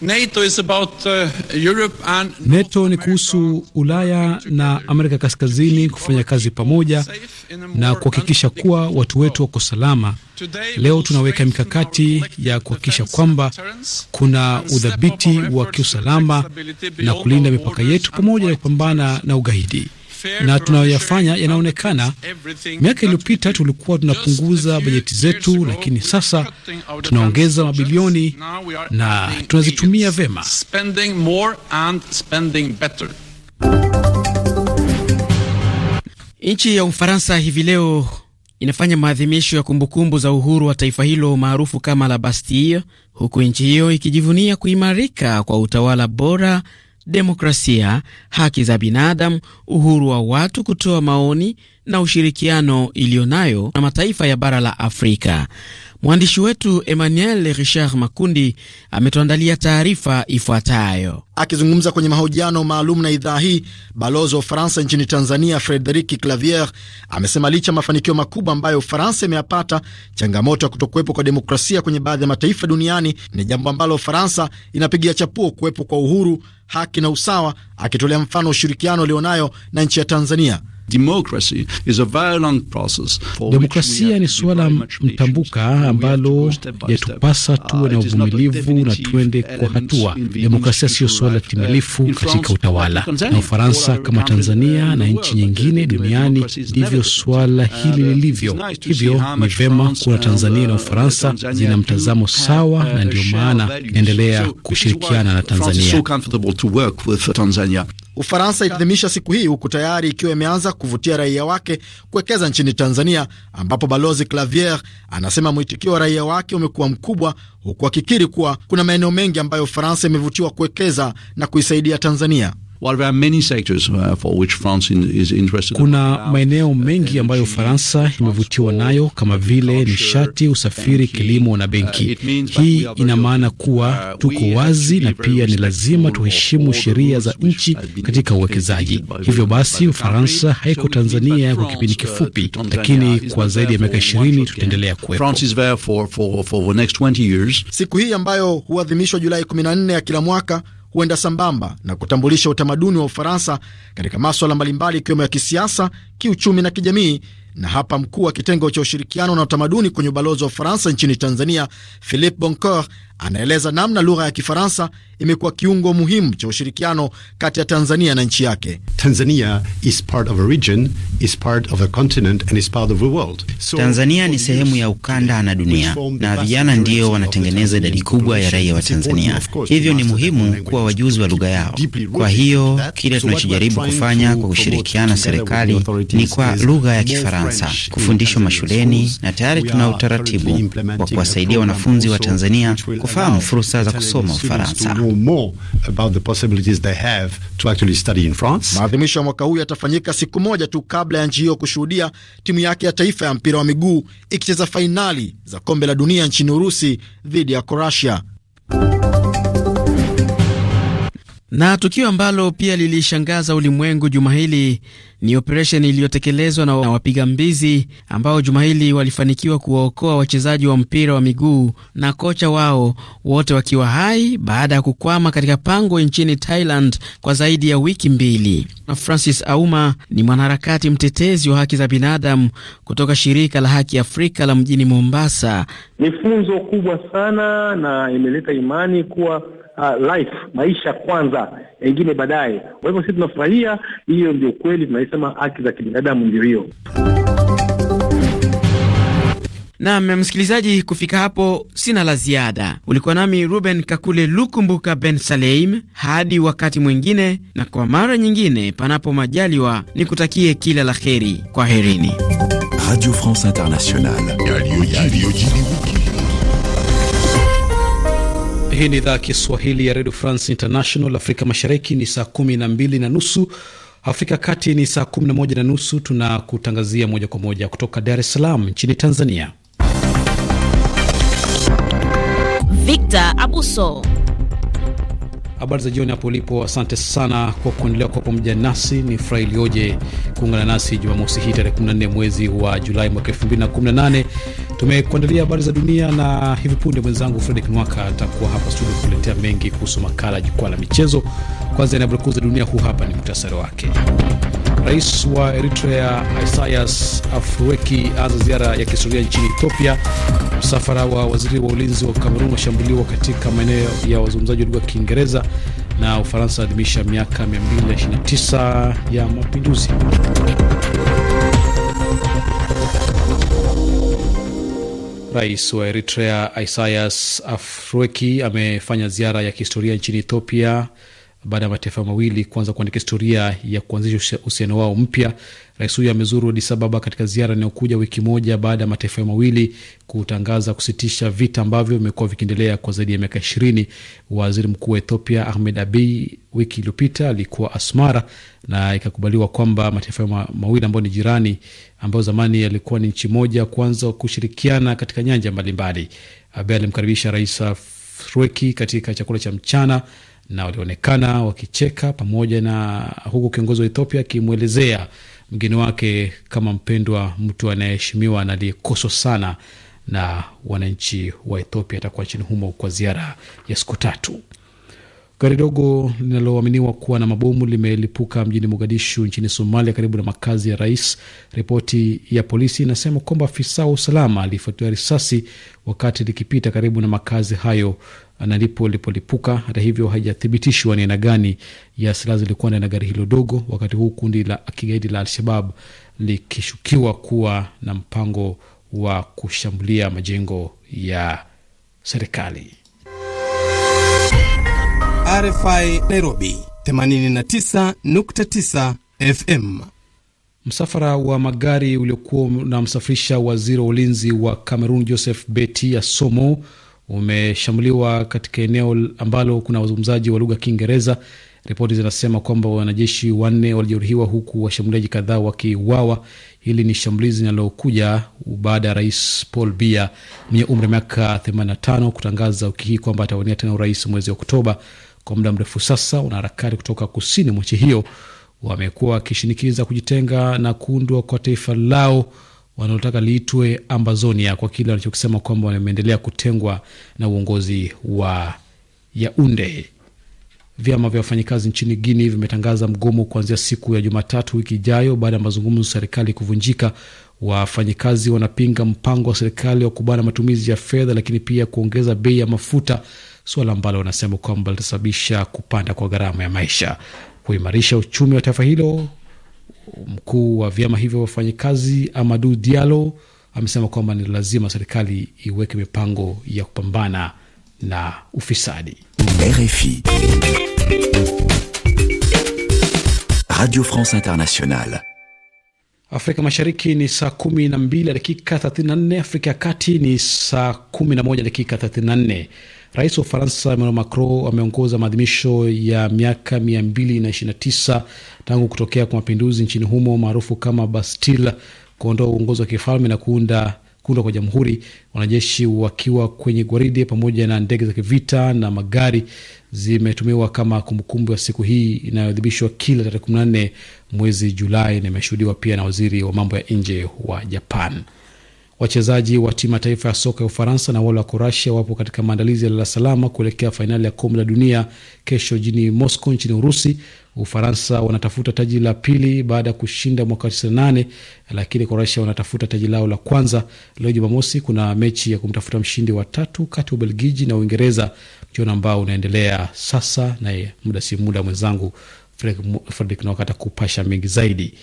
NATO, is about, uh, Europe and NATO ni kuhusu Ulaya na Amerika Kaskazini kufanya kazi pamoja na kuhakikisha kuwa watu wetu wako salama. Leo tunaweka mikakati ya kuhakikisha kwamba kuna udhabiti wa kiusalama na kulinda mipaka yetu pamoja na kupambana na ugaidi na tunayoyafanya yanaonekana. Miaka iliyopita tulikuwa tunapunguza bajeti zetu, lakini sasa tunaongeza mabilioni na tunazitumia vema. Nchi ya Ufaransa hivi leo inafanya maadhimisho ya kumbukumbu za uhuru wa taifa hilo maarufu kama la Bastille, huku nchi hiyo ikijivunia kuimarika kwa utawala bora demokrasia, haki za binadamu, uhuru wa watu kutoa maoni na ushirikiano iliyo nayo na mataifa ya bara la Afrika. Mwandishi wetu Emmanuel Richard Makundi ametuandalia taarifa ifuatayo. Akizungumza kwenye mahojiano maalum na idhaa hii, balozi wa Ufaransa nchini Tanzania Frederic Clavier amesema licha mafanikio makubwa ambayo Ufaransa imeyapata, changamoto ya kutokuwepo kwa demokrasia kwenye baadhi ya mataifa duniani ni jambo ambalo Ufaransa inapigia chapuo kuwepo kwa uhuru, haki na usawa, akitolea mfano ushirikiano ulionayo na nchi ya Tanzania. Demokrasia ni suala mtambuka ambalo yatupasa ah, tuwe na uvumilivu na tuende kwa hatua. Demokrasia siyo suala timilifu uh, katika utawala, na Ufaransa kama uh, uh, Tanzania na nchi nyingine duniani ndivyo suala hili lilivyo. Hivyo ni vema kuona Tanzania na Ufaransa zina mtazamo sawa, na ndio maana inaendelea kushirikiana na Tanzania. Ufaransa itadhimisha siku hii huku tayari ikiwa imeanza kuvutia raia wake kuwekeza nchini Tanzania, ambapo balozi Clavier anasema mwitikio wa raia wake umekuwa mkubwa, huku akikiri kuwa kuna maeneo mengi ambayo Ufaransa imevutiwa kuwekeza na kuisaidia Tanzania. Uh, Kuna maeneo uh, mengi ambayo Ufaransa imevutiwa nayo kama vile nishati, usafiri, kilimo na uh, benki. Hii ina maana kuwa tuko wazi na pia ni lazima tuheshimu sheria za nchi katika uwekezaji. Hivyo basi, Ufaransa haiko Tanzania kwa kipindi kifupi, lakini kwa zaidi ya miaka ishirini tutaendelea kuwepo. Siku hii ambayo huadhimishwa Julai 14 ya kila mwaka huenda sambamba na kutambulisha utamaduni wa Ufaransa katika maswala mbalimbali ikiwemo ya kisiasa, kiuchumi na kijamii. Na hapa mkuu wa kitengo cha ushirikiano na utamaduni kwenye ubalozi wa Ufaransa nchini Tanzania, Philippe boncor anaeleza namna lugha ya Kifaransa imekuwa kiungo muhimu cha ushirikiano kati ya Tanzania na nchi yake. Tanzania region, So, Tanzania ni sehemu ya ukanda na dunia, na vijana ndio wanatengeneza idadi kubwa ya raia wa Tanzania. Hivyo ni muhimu kuwa wajuzi wa lugha yao. Kwa hiyo kile tunachojaribu kufanya kwa kushirikiana na serikali ni kwa lugha ya Kifaransa kufundishwa mashuleni, na tayari tuna utaratibu wa kuwasaidia wanafunzi wa Tanzania kufahamu fursa za kusoma Ufaransa. Maadhimisho ya mwaka huu yatafanyika siku moja tu kabla ya nchi hiyo kushuhudia timu yake ya taifa ya mpira wa miguu ikicheza fainali za kombe la dunia nchini Urusi dhidi ya Kroatia. Na tukio ambalo pia lilishangaza ulimwengu juma hili ni operesheni iliyotekelezwa na wapiga mbizi ambao juma hili walifanikiwa kuwaokoa wachezaji wa mpira wa miguu na kocha wao wote wakiwa hai baada ya kukwama katika pango nchini Thailand kwa zaidi ya wiki mbili. Na Francis Auma ni mwanaharakati mtetezi wa haki za binadamu kutoka shirika la Haki Afrika la mjini Mombasa. Ni funzo kubwa sana na imeleta imani kuwa uh, life maisha kwanza, yengine baadaye. Kwa hivyo sisi tunafurahia hiyo, ndio kweli tunaisema haki za kibinadamu ndio hiyo. Nam msikilizaji, kufika hapo sina la ziada. Ulikuwa nami Ruben Kakule Lukumbuka Ben Saleim, hadi wakati mwingine, na kwa mara nyingine, panapo majaliwa, nikutakie kila la heri. herini. Radio France Internationale. Hii ni idhaa ya Kiswahili ya redio France International. Afrika mashariki ni saa kumi na mbili na nusu, Afrika kati ni saa kumi na moja na nusu. Tunakutangazia moja kwa moja kutoka Dar es Salaam nchini Tanzania. Victor Abuso Habari za jioni hapo ulipo. Asante sana kwa kuendelea kuwa pamoja nasi. Ni furaha iliyoje kuungana nasi Jumamosi hii tarehe 14 mwezi wa Julai mwaka 2018. Tumekuandalia habari za dunia na hivi punde mwenzangu Fredrick Mwaka atakuwa hapa studio kuletea mengi kuhusu makala ya jukwaa la michezo. Kwanza ni habari kuu za dunia, huu hapa ni muhtasari wake. Rais wa Eritrea Isaias Afwerki aanza ziara ya kihistoria nchini Ethiopia. Msafara wa waziri wa ulinzi wa Kamerun washambuliwa katika maeneo ya wazungumzaji wa lugha ya Kiingereza, na Ufaransa adhimisha miaka 229 ya mapinduzi. Rais wa Eritrea Isaias Afwerki amefanya ziara ya kihistoria nchini Ethiopia baada ya mataifa mawili kuanza kuandika historia ya kuanzisha uhusiano wao mpya. Rais huyo amezuru Addis Ababa katika ziara inayokuja wiki moja baada ya mataifa mawili kutangaza kusitisha vita ambavyo vimekuwa vikiendelea kwa zaidi ya miaka ishirini. Waziri mkuu wa Ethiopia Ahmed Abiy wiki iliyopita alikuwa Asmara na ikakubaliwa kwamba mataifa mawili ambayo ni jirani, ambayo zamani yalikuwa ni nchi moja, kuanza kushirikiana katika nyanja mbalimbali. Abiy alimkaribisha Rais Afwerki katika chakula cha mchana na walionekana wakicheka pamoja na huku kiongozi wa Ethiopia akimwelezea mgeni wake kama mpendwa, mtu anayeheshimiwa na aliyekoswa sana na wananchi wa Ethiopia. Atakuwa nchini humo kwa ziara ya siku tatu. Gari dogo linaloaminiwa kuwa na mabomu limelipuka mjini Mogadishu nchini Somalia, karibu na makazi ya rais. Ripoti ya polisi inasema kwamba afisa wa usalama alifuatiwa risasi wakati likipita karibu na makazi hayo na ndipo lipolipuka Hata hivyo, haijathibitishwa ni aina gani ya silaha zilikuwa ndani ya gari hilo dogo, wakati huu kundi la kigaidi la Al-Shabab likishukiwa kuwa na mpango wa kushambulia majengo ya serikali. RFI Nairobi 89.9 FM. Msafara wa magari uliokuwa unamsafirisha waziri wa ulinzi wa Kamerun Joseph Beti Asomo umeshambuliwa katika eneo ambalo kuna wazungumzaji wa lugha ya Kiingereza. Ripoti zinasema kwamba wanajeshi wanne walijeruhiwa huku washambuliaji kadhaa wakiuawa. Hili ni shambulizi linalokuja baada ya rais Paul Biya mwenye umri wa miaka 85 kutangaza wiki hii kwamba atawania tena urais mwezi Oktoba. Kwa muda mrefu sasa, wanaharakati kutoka kusini mwa nchi hiyo wamekuwa wakishinikiza kujitenga na kuundwa kwa taifa lao wanaotaka liitwe Ambazonia kwa kile wanachokisema kwamba wameendelea kutengwa na uongozi wa Yaunde. Vyama vya wafanyakazi nchini Guini vimetangaza mgomo kuanzia siku ya Jumatatu wiki ijayo baada ya mazungumzo serikali kuvunjika. Wafanyakazi wanapinga mpango wa serikali wa kubana matumizi ya fedha, lakini pia kuongeza bei ya mafuta, suala ambalo wanasema kwamba litasababisha kupanda kwa gharama ya maisha. Kuimarisha uchumi wa taifa hilo Mkuu wa vyama hivyo vya wafanyakazi Amadu dialo amesema kwamba ni lazima serikali iweke mipango ya kupambana na ufisadi. RFI Radio France Internationale. Afrika Mashariki ni saa 12 dakika 34, Afrika ya Kati ni saa 11 dakika 34. Rais wa Ufaransa Emmanuel Macron ameongoza maadhimisho ya miaka 229 tangu kutokea kwa mapinduzi nchini humo maarufu kama Bastille, kuondoa uongozi wa kifalme na kuunda kuundwa kwa jamhuri, wanajeshi wakiwa kwenye gwaridi pamoja na ndege za kivita na magari zimetumiwa kama kumbukumbu ya siku hii inayoadhibishwa kila tarehe 14 mwezi Julai, na imeshuhudiwa pia na waziri wa mambo ya nje wa Japan. Wachezaji wa timu ya taifa ya soka ya Ufaransa na wale wa Kurasia wapo katika maandalizi ya lala salama kuelekea fainali ya kombe la dunia kesho jini Moscow nchini Urusi. Ufaransa wanatafuta taji la pili baada ya kushinda mwaka 98 lakini Kurasia wanatafuta taji lao la kwanza. Leo Jumamosi kuna mechi ya kumtafuta mshindi wa tatu kati ya Ubelgiji na Uingereza, mchuano ambao unaendelea sasa, naye muda si muda mwenzangu Fredrik Nwakata kupasha mengi zaidi.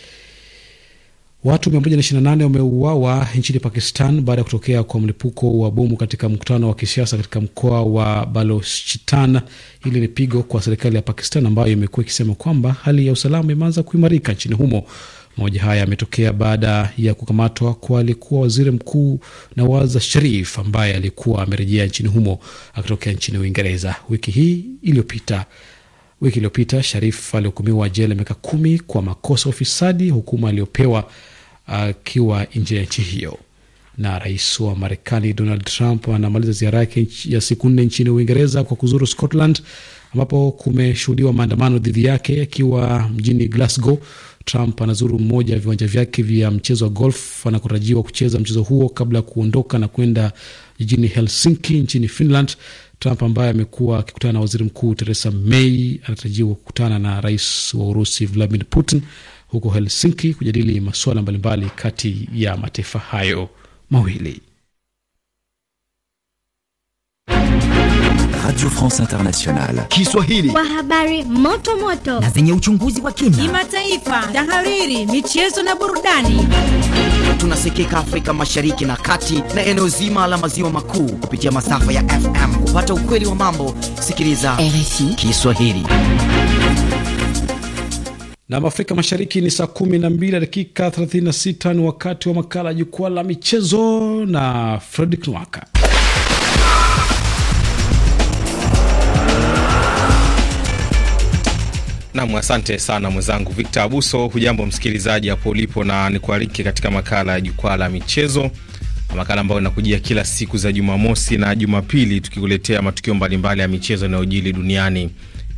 Watu 128 wameuawa nchini Pakistan baada ya kutokea kwa mlipuko wa bomu katika mkutano wa kisiasa katika mkoa wa Balochistan. Hili ni pigo kwa serikali ya Pakistan ambayo imekuwa ikisema kwamba hali ya usalama imeanza kuimarika nchini humo. moja haya yametokea baada ya kukamatwa kwa aliyekuwa waziri mkuu Nawaz Sharif ambaye alikuwa amerejea nchini humo akitokea nchini Uingereza wiki hii iliyopita. Wiki iliyopita Sharif alihukumiwa jela miaka kumi kwa makosa ya ufisadi, hukuma aliyopewa akiwa nje ya nchi hiyo. Na rais wa Marekani Donald Trump anamaliza ziara yake ya siku nne nchini Uingereza kwa kuzuru Scotland ambapo kumeshuhudiwa maandamano dhidi yake. Akiwa mjini Glasgow, Trump anazuru mmoja ya viwanja vyake vya mchezo wa golf anakotarajiwa kucheza mchezo huo kabla ya kuondoka na kwenda jijini Helsinki nchini Finland. Trump ambaye amekuwa akikutana na waziri mkuu Theresa May anatarajiwa kukutana na rais wa Urusi Vladimir Putin huko Helsinki kujadili masuala mbalimbali kati ya mataifa hayo mawili. Radio France Internationale Kiswahili, kwa habari moto moto na zenye uchunguzi wa kina, kimataifa, tahariri, michezo na burudani. Tunasikika Afrika Mashariki na Kati na eneo zima la maziwa makuu kupitia masafa ya FM. Kupata ukweli wa mambo, sikiliza RFI Kiswahili na Afrika Mashariki ni saa kumi na mbili dakika 36. Ni wakati wa makala ya jukwaa la michezo na Fredrick Nwaka. Nam, asante sana mwenzangu Victor Abuso. Hujambo msikilizaji hapo ulipo, na nikualike katika makala ya jukwaa la michezo, makala ambayo inakujia kila siku za Jumamosi na Jumapili, tukikuletea matukio mbalimbali ya michezo yanayojili duniani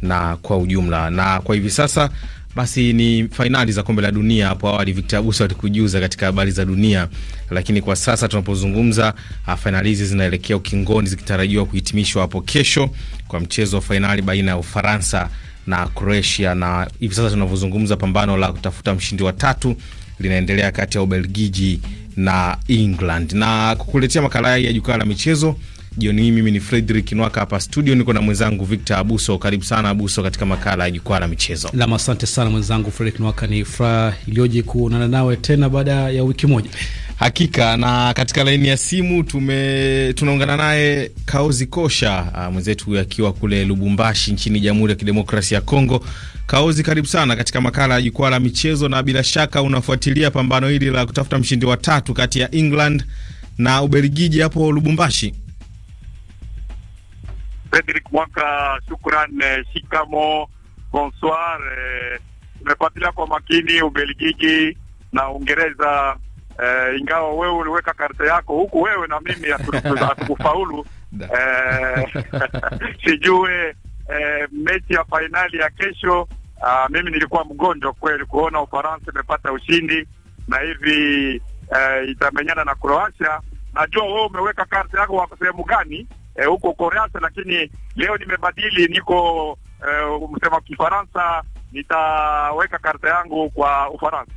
na kwa ujumla. Na kwa hivi sasa basi ni fainali za kombe la dunia. Hapo awali Victor Abuso alikujuza katika habari za dunia, lakini kwa sasa tunapozungumza, ah, fainali hizi zinaelekea ukingoni zikitarajiwa kuhitimishwa hapo kesho kwa mchezo wa fainali baina ya Ufaransa na Croatia, na hivi sasa tunavyozungumza, pambano la kutafuta mshindi wa tatu linaendelea kati ya Ubelgiji na England. Na kukuletea makala ya jukwaa la michezo Jioni hii mimi ni Fredrick Nwaka hapa studio, niko na mwenzangu Victor Abuso. Karibu sana Abuso katika makala ya jukwaa la michezo. Nam, asante sana mwenzangu Fredrick Nwaka, ni furaha iliyoje kuonana nawe tena baada ya wiki moja. Hakika, na katika laini ya simu tume tunaungana naye Kaozi Kosha ah, mwenzetu huyu akiwa kule Lubumbashi nchini Jamhuri ya Kidemokrasia ya Kongo. Kaozi, karibu sana katika makala ya jukwaa la michezo, na bila shaka unafuatilia pambano hili la kutafuta mshindi wa tatu kati ya England na Ubelgiji hapo Lubumbashi. Frederick Mwaka, shukran. Eh, Shikamo, bonsoir. Tumefuatilia eh, kwa makini Ubelgiji na Uingereza. Uh, ingawa wewe uliweka karta yako huku, wewe na mimi hatukufaulu. uh, sijue uh, mechi ya fainali ya kesho. Uh, mimi nilikuwa mgonjwa kweli kuona Ufaransa imepata ushindi na hivi uh, itamenyana na Croatia. Najua wewe umeweka karta yako kwa sehemu gani, Eh, huko Koreasa, lakini leo nimebadili, niko eh, msema Kifaransa, nitaweka karta yangu kwa Ufaransa.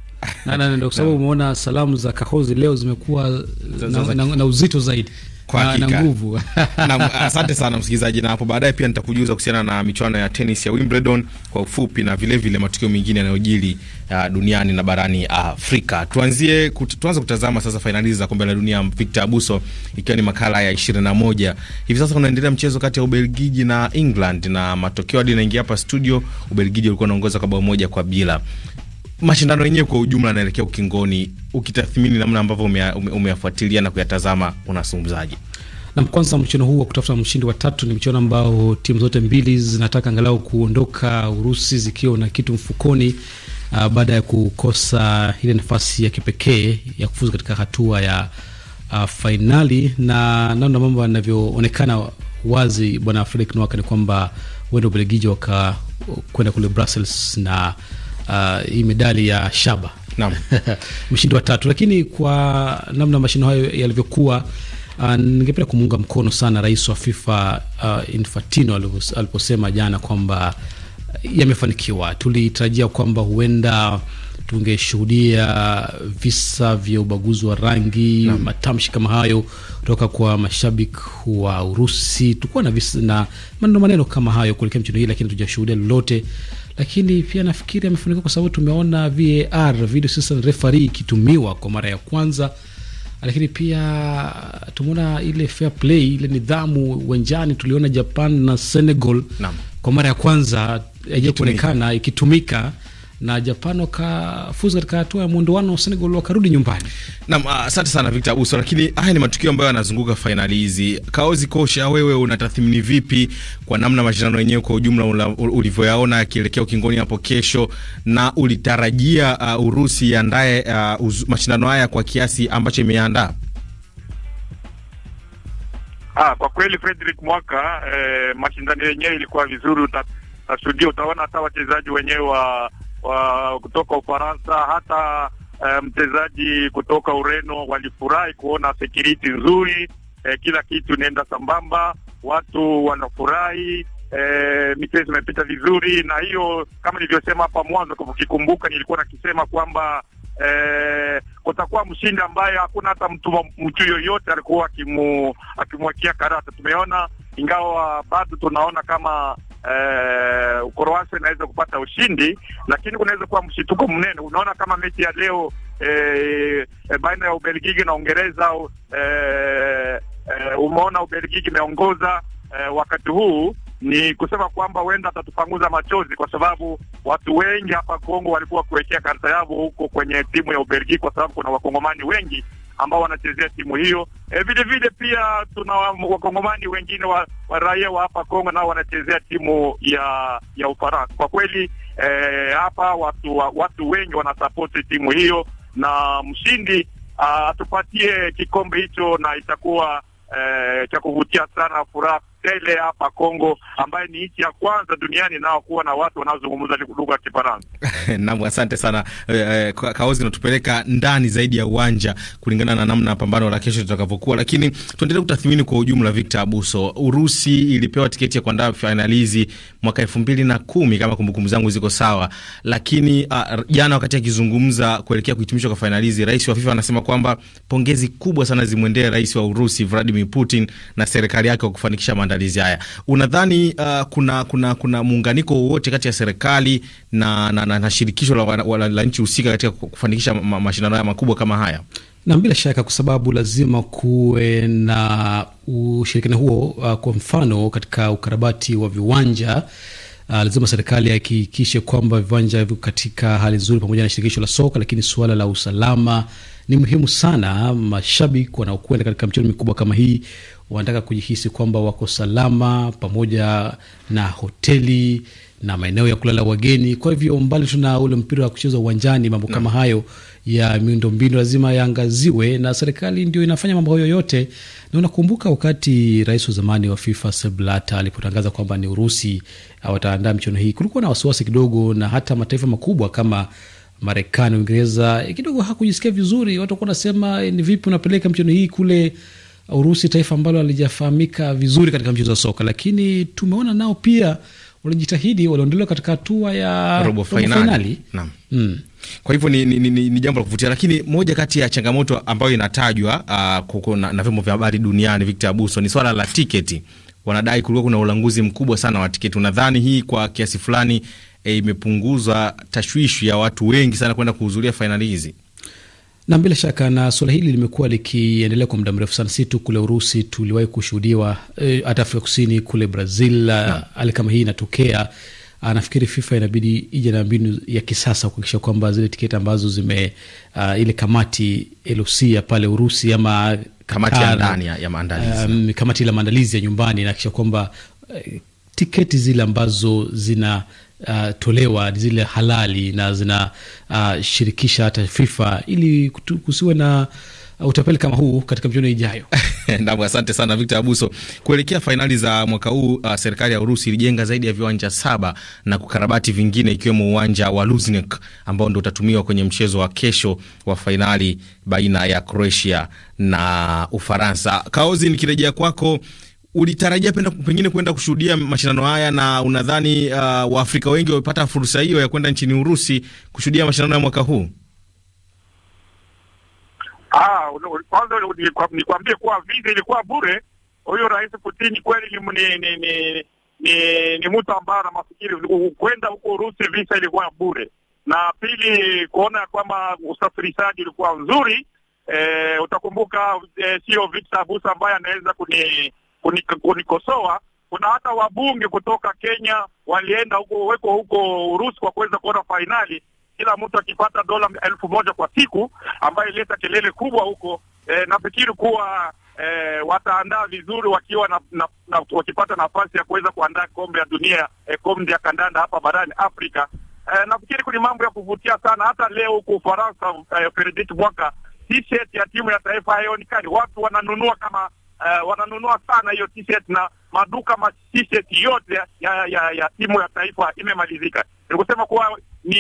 Ndio kwa sababu umeona salamu za Kahozi leo zimekuwa na, na, na uzito zaidi. Kwa na nguvu na, asante sana msikilizaji, na hapo baadaye pia nitakujuza kuhusiana na michuano ya tenis ya Wimbledon kwa ufupi na vile vile matukio mengine yanayojiri uh, duniani na barani Afrika. Tuanzie kut, tuanze kutazama sasa fainali za kombe la dunia Victor Abuso, ikiwa ni makala ya 21. Hivi sasa kunaendelea mchezo kati ya Ubelgiji na England na matokeo hadi naingia hapa studio, Ubelgiji ulikuwa unaongoza kwa bao moja kwa bila mashindano yenyewe kwa ujumla yanaelekea ukingoni, ukitathmini namna ambavyo umeyafuatilia ume, na kuyatazama, unazungumzaje? Nam, kwanza mchuano huu wa kutafuta mshindi wa tatu ni mchuano ambao timu zote mbili zinataka angalau kuondoka Urusi zikiwa na kitu mfukoni, uh, baada ya kukosa ile nafasi ya kipekee ya kufuzu katika hatua ya uh, fainali. Na namna mambo yanavyoonekana wazi, bwana Fredrick Nwaka, ni kwamba huenda Ubelgiji wakakwenda kule Brussels na uh, hii medali ya shaba mshindi wa tatu, lakini kwa namna mashindano hayo yalivyokuwa Uh, ningependa kumuunga mkono sana rais wa FIFA uh, Infantino aliposema jana kwamba uh, yamefanikiwa. Tulitarajia kwamba huenda tungeshuhudia visa vya ubaguzi wa rangi na matamshi kama hayo kutoka kwa mashabiki wa Urusi. Tulikuwa na, na maneno maneno kama hayo kuelekea mchezo hii, lakini tujashuhudia lolote lakini pia nafikiri amefanikiwa kwa sababu tumeona VAR, video assistant referee, ikitumiwa kwa mara ya kwanza, lakini pia uh, tumeona ile fair play, ile nidhamu uwanjani. Tuliona Japan na Senegal Naam. kwa mara ya kwanza haijakuonekana uh, ikitumika na Japan wakafuzu katika hatua ya muondoano, Senegal wakarudi nyumbani. Naam, ah, asante uh, sana Victor Abuso. Lakini haya ni matukio ambayo yanazunguka fainali hizi. Kaozi Kosha, wewe unatathmini vipi kwa namna mashindano yenyewe kwa ujumla ulivyoyaona yakielekea ukingoni hapo kesho, na ulitarajia uh, Urusi iandae uh, ah, mashindano haya kwa kiasi ambacho imeandaa? Ah, kwa kweli Frederick Mwaka eh, mashindano yenyewe ilikuwa vizuri, utashuhudia utaona hata wachezaji wenyewe wa wa kutoka Ufaransa, hata mchezaji eh, mchezaji kutoka Ureno walifurahi kuona security nzuri. Eh, kila kitu inaenda sambamba, watu wanafurahi. Eh, michezo imepita vizuri, na hiyo kama nilivyosema hapa mwanzo, ukikumbuka, nilikuwa nakisema kwamba eh, kutakuwa mshindi ambaye hakuna hata mtu mtu yoyote alikuwa akimwakia karata. Tumeona ingawa bado tunaona kama eh, Croatia inaweza kupata ushindi, lakini kunaweza kuwa mshituko mnene. Unaona kama mechi ya leo eh, baina ya Ubelgiji na Uingereza eh, eh, umeona Ubelgiji imeongoza eh, wakati huu ni kusema kwamba huenda atatupanguza machozi kwa sababu watu wengi hapa Kongo walikuwa kuwekea karta yao huko kwenye timu ya Ubelgiji, kwa sababu kuna wakongomani wengi ambao wanachezea timu hiyo. E, vile vile pia tuna wakongomani wengine wa, wa raia wa hapa Kongo nao wanachezea timu ya ya Ufaransa. Kwa kweli e, hapa watu wa, watu wengi wanasapoti timu hiyo, na mshindi atupatie kikombe hicho, na itakuwa e, cha kuvutia sana furaha tele hapa Kongo, ambaye ni nchi ya kwanza duniani nao kuwa na watu wanaozungumza lugha ya Kifaransa. Naam, asante sana eh, eh Kaozi natupeleka ndani zaidi ya uwanja kulingana na namna pambano la kesho litakavyokuwa, lakini tuendelee kutathmini kwa ujumla. Victor Abuso, Urusi ilipewa tiketi ya kuandaa fainali hizi mwaka elfu mbili na kumi kama kumbukumbu zangu ziko sawa, lakini uh, jana wakati akizungumza kuelekea kuhitimishwa kwa fainali hizi, rais wa FIFA anasema kwamba pongezi kubwa sana zimwendee rais wa Urusi Vladimir Putin na serikali yake kwa kufanikisha maandalizi maandalizi haya, unadhani uh, kuna kuna kuna muunganiko wowote kati ya serikali na, na, na, na shirikisho la, la, la, la nchi husika katika kufanikisha ma, mashindano haya makubwa kama haya? Na bila shaka, kwa sababu lazima kuwe na ushirikiano huo. Uh, kwa mfano katika ukarabati wa viwanja Uh, lazima serikali ihakikishe kwamba viwanja viko katika hali nzuri pamoja na shirikisho la soka, lakini suala la usalama ni muhimu sana. Mashabiki wanaokwenda katika michezo mikubwa kama hii wanataka kujihisi kwamba wako salama, pamoja na hoteli na maeneo ya kulala wageni. Kwa hivyo mbali tuna ule mpira wa kuchezwa uwanjani, mambo kama hayo ya miundombinu lazima yaangaziwe, na serikali ndio inafanya mambo hayo yote. Na unakumbuka wakati rais wa zamani wa FIFA Sepp Blatter alipotangaza kwamba ni Urusi wataandaa michuano hii, kulikuwa na wasiwasi kidogo, na hata mataifa makubwa kama Marekani, Uingereza eh, kidogo hakujisikia vizuri. Watu wakuwa wanasema eh, ni vipi unapeleka mchezo hii kule Urusi, taifa ambalo alijafahamika vizuri katika mchezo wa soka, lakini tumeona nao pia walijitahidi, waliondolewa katika hatua ya robo fainali. Naam. Mm. Kwa hivyo ni, ni, ni, ni jambo la kuvutia, lakini moja kati ya changamoto ambayo inatajwa uh, na, na vyombo vya habari duniani, Victor Abuso, ni swala la tiketi. Wanadai kulikuwa kuna ulanguzi mkubwa sana wa tiketi. Unadhani hii kwa kiasi fulani e, imepunguza tashwishi ya watu wengi sana kwenda kuhudhuria fainali hizi? Na bila shaka na suala hili limekuwa likiendelea kwa muda mrefu sana, si tu kule Urusi, tuliwahi kushuhudiwa e, hata Afrika Kusini, kule Brazil e, hali kama hii inatokea. Nafikiri FIFA inabidi ije na mbinu ya kisasa kuhakikisha kwamba zile tiketi ambazo zime uh, ile kamati ya pale Urusi ama kamati ya ndani ya maandalizi kamati ile maandalizi ya nyumbani inahakikisha kwamba uh, tiketi zile ambazo zina Uh, tolewa ni zile halali na zinashirikisha uh, hata FIFA ili kutu, kusiwe na uh, utapeli kama huu katika mchono ijayo. Naam, asante sana Victor Abuso. Kuelekea fainali za mwaka huu, uh, serikali ya Urusi ilijenga zaidi ya viwanja saba na kukarabati vingine ikiwemo uwanja wa Luzhniki ambao ndio utatumiwa kwenye mchezo wa kesho wa fainali baina ya Croatia na Ufaransa. Kaozi, nikirejea kwako ulitarajia penda pengine kwenda kushuhudia mashindano haya na unadhani uh, Waafrika wengi wamepata fursa hiyo ya kwenda nchini Urusi kushuhudia mashindano ya mwaka huu? Ah, kwanza nikwambie kuwa visa ilikuwa bure. Huyo Rais Putin kweli ni, ni, ni, ni, ni mtu ambaye ana mafikiri. Kwenda huko Urusi visa ilikuwa bure, na pili kuona kwamba usafirishaji ulikuwa nzuri. Eh, utakumbuka eh, sio Victor Abusa ambaye anaweza kuni kunikosoa. Kuna hata wabunge kutoka Kenya walienda huko weko huko Urusi kwa kuweza kuona fainali, kila mtu akipata dola elfu moja kwa siku, ambayo ileta kelele kubwa huko. E, nafikiri kuwa e, wataandaa vizuri wakiwa na, na, na, wakipata nafasi ya kuweza kuandaa kombe ya dunia e, kombe ya kandanda hapa barani Afrika. E, nafikiri kuna mambo ya kuvutia sana. Hata leo huko Ufaransa, e, Frederic Bwaka, t ya timu ya taifa haionekani, watu wananunua kama uh, wananunua sana hiyo t-shirt na maduka ma t-shirt yote ya, ya, ya, ya timu ya taifa imemalizika. Nikusema kuwa ni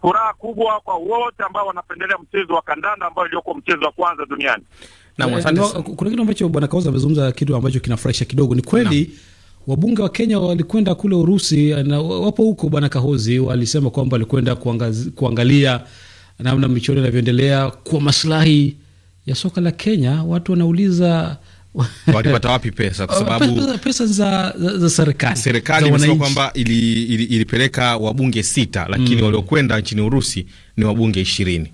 furaha kubwa kwa wote ambao wanapendelea mchezo wa kandanda ambao ilioko mchezo wa kwanza duniani. Naam, eh, asante. Kuna kitu ambacho bwana Kauza amezungumza, kitu ambacho kinafurahisha kidogo. Ni kweli wabunge wa Kenya walikwenda kule Urusi na wapo huko, bwana Kahozi walisema kwamba walikwenda kuangalia namna michuano inavyoendelea kwa maslahi ya soka la Kenya, watu wanauliza walipata wapi pesa? Kwa sababu pesa, pesa za, za, za serikali serikali imesema kwamba ili, ili, ilipeleka wabunge sita lakini mm, waliokwenda nchini Urusi ni wabunge ishirini.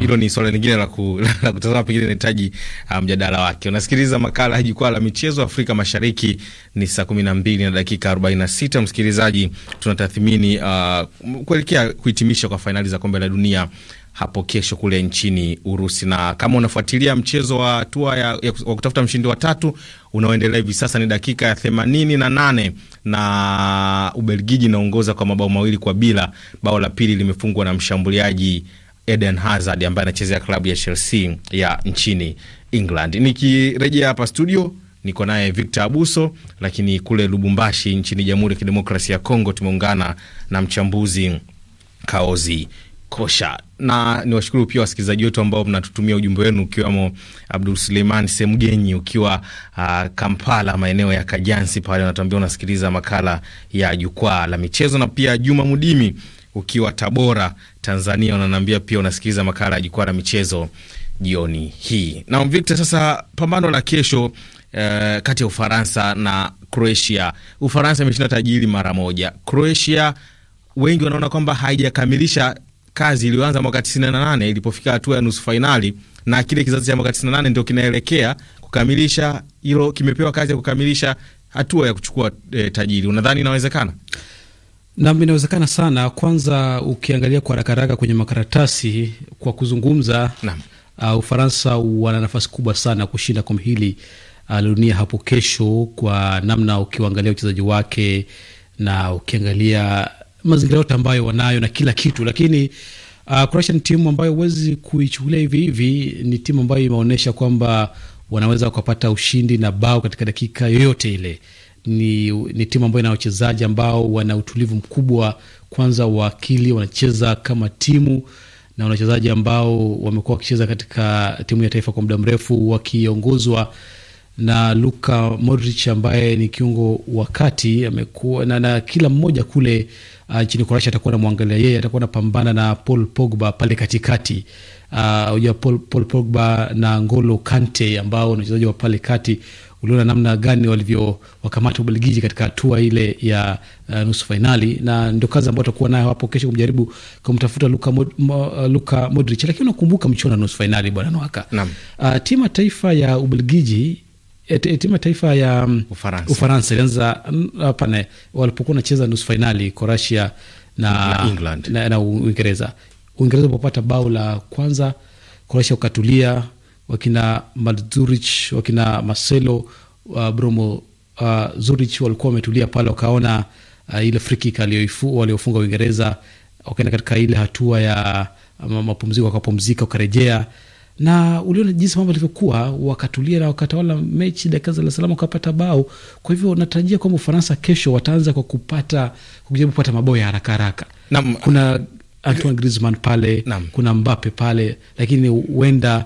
Hilo ni swala lingine la, ku, la kutazama, pengine inahitaji uh, mjadala um, wake. Unasikiliza makala ya Jukwaa la Michezo Afrika Mashariki. Ni saa kumi na mbili na dakika arobaini na sita. Msikilizaji, tunatathmini uh, kuelekea kuhitimisha kwa fainali za kombe la dunia hapo kesho kule nchini Urusi. Na kama unafuatilia mchezo wa hatua ya, ya wa kutafuta mshindi wa tatu unaoendelea hivi sasa, ni dakika ya themanini na nane na Ubelgiji inaongoza kwa mabao mawili kwa bila. Bao la pili limefungwa na mshambuliaji Eden Hazard ambaye anachezea klabu ya Chelsea ya nchini England. Nikirejea hapa studio niko naye Victor Abuso, lakini kule Lubumbashi nchini Jamhuri ya Kidemokrasia ya Kongo tumeungana na mchambuzi Kaozi kosha. Na ni washukuru pia wasikilizaji wetu ambao mnatutumia ujumbe wenu, ukiwamo Abdul Suleiman Semgenyi ukiwa uh, Kampala, maeneo ya Kajansi pale, natuambia unasikiliza makala ya jukwaa la michezo, na pia Juma Mudimi ukiwa Tabora, Tanzania, unanaambia pia unasikiliza makala ya jukwaa la michezo jioni hii. Na Victor, sasa pambano la kesho uh, kati ya Ufaransa na Croatia. Ufaransa imeshinda tajiri mara moja. Croatia wengi wanaona kwamba haijakamilisha kazi iliyoanza mwaka 98 ilipofika hatua ya nusu fainali, na kile kizazi cha mwaka 98 ndio kinaelekea kukamilisha hilo, kimepewa kazi ya kukamilisha hatua ya kuchukua e, tajiri. Unadhani inawezekana? Nam, inawezekana sana. Kwanza ukiangalia kwa haraka haraka kwenye makaratasi kwa kuzungumza uh, Ufaransa wana nafasi kubwa sana kushinda kombe hili uh, la dunia hapo kesho, kwa namna ukiangalia uchezaji wake na ukiangalia mazingira yote ambayo wanayo na kila kitu, lakini uh, Croatia ni timu ambayo huwezi kuichukulia hivi hivi. Ni timu ambayo imeonyesha kwamba wanaweza kupata ushindi na bao katika dakika yoyote ile. Ni, ni timu ambayo ina wachezaji ambao wana utulivu mkubwa kwanza wa akili, wanacheza kama timu na wachezaji ambao wamekuwa wakicheza katika timu ya taifa kwa muda mrefu wakiongozwa na Luka Modric ambaye ni kiungo wa kati amekuwa na, na kila mmoja kule uh, nchini uh, Kroatia atakuwa namwangalia yeye, atakuwa anapambana na Paul Pogba pale katikati uh, Paul, Paul Pogba na Ngolo Kante ambao ni wachezaji wa pale kati. Uliona namna gani walivyo wakamata Ubelgiji katika hatua ile ya uh, nusu fainali, na ndio kazi ambayo atakuwa nayo hapo kesho kumjaribu kumtafuta Luka, Mod, uh, Luka Modric. Lakini unakumbuka mchuano nusu fainali bwana Nwaka, uh, timu ya taifa ya Ubelgiji timu ya taifa mm, ya Ufaransa ilianza mm, hapana, walipokuwa wanacheza nusu fainali Croatia na England na, na Uingereza. Uingereza wapopata bao la kwanza, Croatia ukatulia, wakina Mazurich wakina Marcelo uh, Bromo uh, Zurich walikuwa wametulia pale, wakaona uh, ile free kick waliofunga Uingereza, wakaenda katika ile hatua ya mapumziko, wakapumzika, wakarejea na uliona jinsi mambo alivyokuwa wakatulia na wakatawala mechi dakika za salama, wakapata bao. Kwa hivyo natarajia kwamba Ufaransa kesho wataanza kwa kupata kujaribu kupata mabao ya haraka haraka. Kuna Antoine Griezmann pale Nam. kuna Mbappe pale, lakini huenda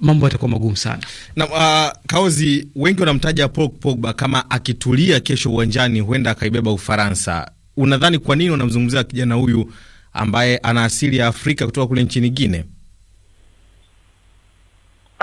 mambo yatakuwa magumu sana na uh, kaozi wengi wanamtaja Pogba kama akitulia kesho uwanjani huenda akaibeba Ufaransa. Unadhani kwa nini wanamzungumzia kijana huyu ambaye ana asili ya Afrika kutoka kule nchini Guinea?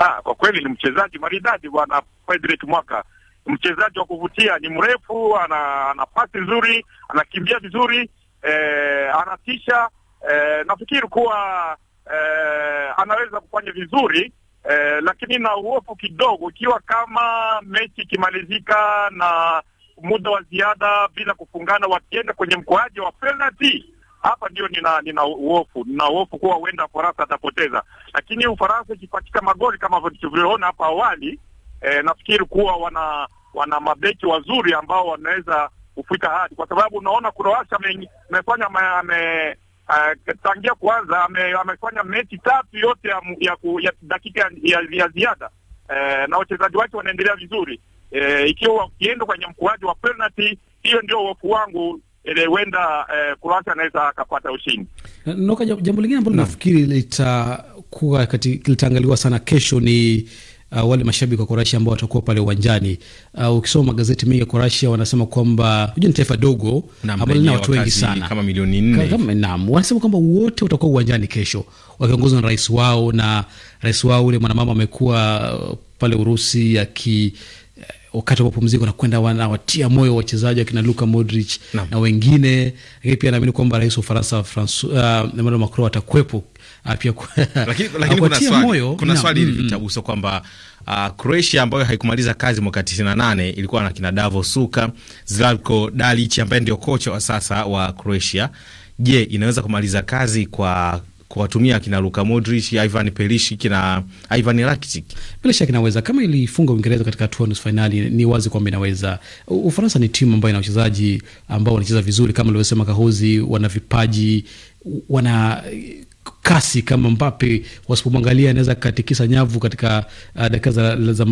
Ah, kwa kweli ni mchezaji maridadi bwana Fredrick Mwaka, mchezaji wa kuvutia, ni mrefu, ana, ana pasi nzuri, anakimbia vizuri eh, anatisha eh, nafikiri kuwa eh, anaweza kufanya vizuri eh, lakini na uofu kidogo, ikiwa kama mechi ikimalizika na muda wa ziada bila kufungana, wakienda kwenye mkoaji wa penalty hapa ndio nina nina uofu nina uofu kuwa huenda Ufaransa atapoteza, lakini Ufaransa ikipatika magoli kama tulivyoona hapa awali e, nafikiri kuwa wana wana mabeki wazuri ambao wanaweza kufika hadi, kwa sababu unaona Kroatia amefanya ame Uh, tangia kwanza ame, amefanya mechi tatu yote ya, ya, ya dakika ya, ya, ya ziada uh, na wachezaji wake wanaendelea vizuri uh, ikiwa wakienda kwenye mkuaji wa penalty, hiyo ndio uofu wangu ile eh, huenda eh, Kroatia anaweza akapata ushindi. Eh, Noka, jambo lingine ambalo nafikiri litakuwa litaangaliwa sana kesho ni Uh, wale mashabiki wa Korasia ambao watakuwa pale uwanjani. Uh, ukisoma magazeti mengi ya Korasia wanasema kwamba unajua ni taifa dogo ambalo lina watu wengi sana kama milioni nne. Naam, wanasema kwamba wote watakuwa uwanjani kesho wakiongozwa na rais wao, na rais wao ule mwanamama amekuwa uh, pale Urusi aki wakati wa mapumziko na kwenda wanawatia moyo wachezaji akina Luka Modric na, na wengine, lakini pia naamini kwamba rais wa Ufaransa uh, Emmanuel uh, Macron atakuwepo uh, pia kuwatia swali, moyo, kuna swali hili mm-hmm. vitabuso kwamba uh, Croatia ambayo haikumaliza kazi mwaka 98 ilikuwa na kina Davo Suka, Zlatko Dalic ambaye ndio kocha wa sasa wa Croatia. Je, inaweza kumaliza kazi kwa kuwatumia kina Luka Modric, Ivan Perisic, kina Ivan Rakitic. Bila shaka inaweza, kama ilifunga Uingereza katika hatua nusu fainali, ni wazi kwamba inaweza. Ufaransa ni timu ambayo ina wachezaji ambao wanacheza vizuri kama alivyosema Kahozi, wana vipaji, wana kasi kama Mbape, wasipomwangalia anaweza katikisa nyavu katika uh, dakika za, za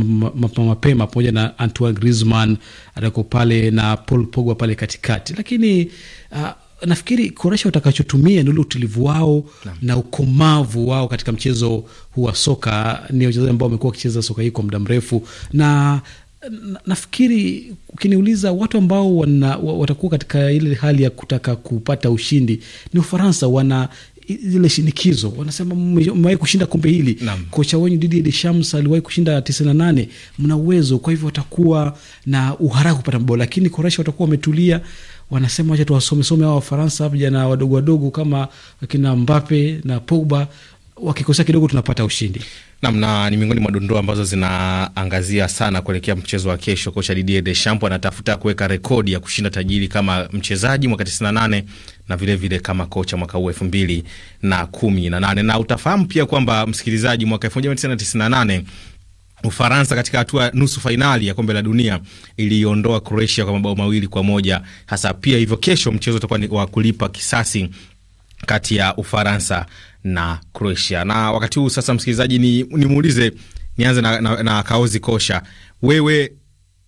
mapema, pamoja na Antoine Griezmann atako pale na Paul Pogba pale katikati, lakini uh, nafikiri Kroatia utakachotumia ni ule utulivu wao na, na ukomavu wao katika mchezo huu wa soka. Ni wachezaji ambao wamekuwa wakicheza soka hii kwa muda mrefu na nafikiri ukiniuliza watu ambao wana, watakuwa katika ile hali ya kutaka kupata ushindi ni Ufaransa. Wana ile shinikizo, wanasema mmewahi kushinda kombe hili. Kocha wenyu Didier Deschamps aliwahi kushinda tisini na nane. Mna uwezo, kwa hivyo watakuwa na uharaka kupata mabao, lakini Koresha watakuwa wametulia wanasema wacha tuwasomesome hao Wafaransa, vijana wadogo wadogo kama akina Mbappe na Pogba wakikosea kidogo tunapata ushindi. namna ni miongoni mwa dondoo ambazo zinaangazia sana kuelekea mchezo wa kesho. Kocha Didier Deschamps anatafuta kuweka rekodi ya kushinda tajiri kama mchezaji mwaka 98 na vilevile vile kama kocha mwaka huu 2018 na, na utafahamu pia kwamba msikilizaji, mwaka 1998 Ufaransa katika hatua nusu fainali ya kombe la dunia iliondoa Croatia kwa mabao mawili kwa moja hasa. Pia hivyo, kesho mchezo utakuwa ni wa kulipa kisasi kati ya Ufaransa na Croatia. Na wakati huu sasa, msikilizaji, ni nimuulize, nianze na, na, na Kaozi Kosha, wewe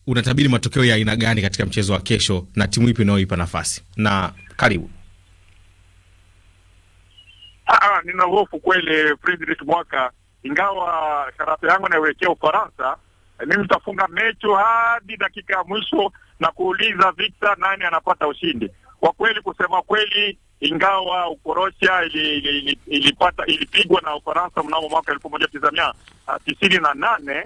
unatabiri matokeo ya aina gani katika mchezo wa kesho na timu ipi unayoipa nafasi? Na karibu. Ah, ah, nina hofu kweli Mwaka ingawa karata yangu naiwekea Ufaransa. Eh, mimi nitafunga mechi hadi dakika ya mwisho na kuuliza Victor, nani anapata ushindi. Kwa kweli, kusema kweli, ingawa ukorosha ilipata ili, ili, ili, ilipigwa na Ufaransa mnamo mwaka elfu moja tisa mia ah, tisini na nane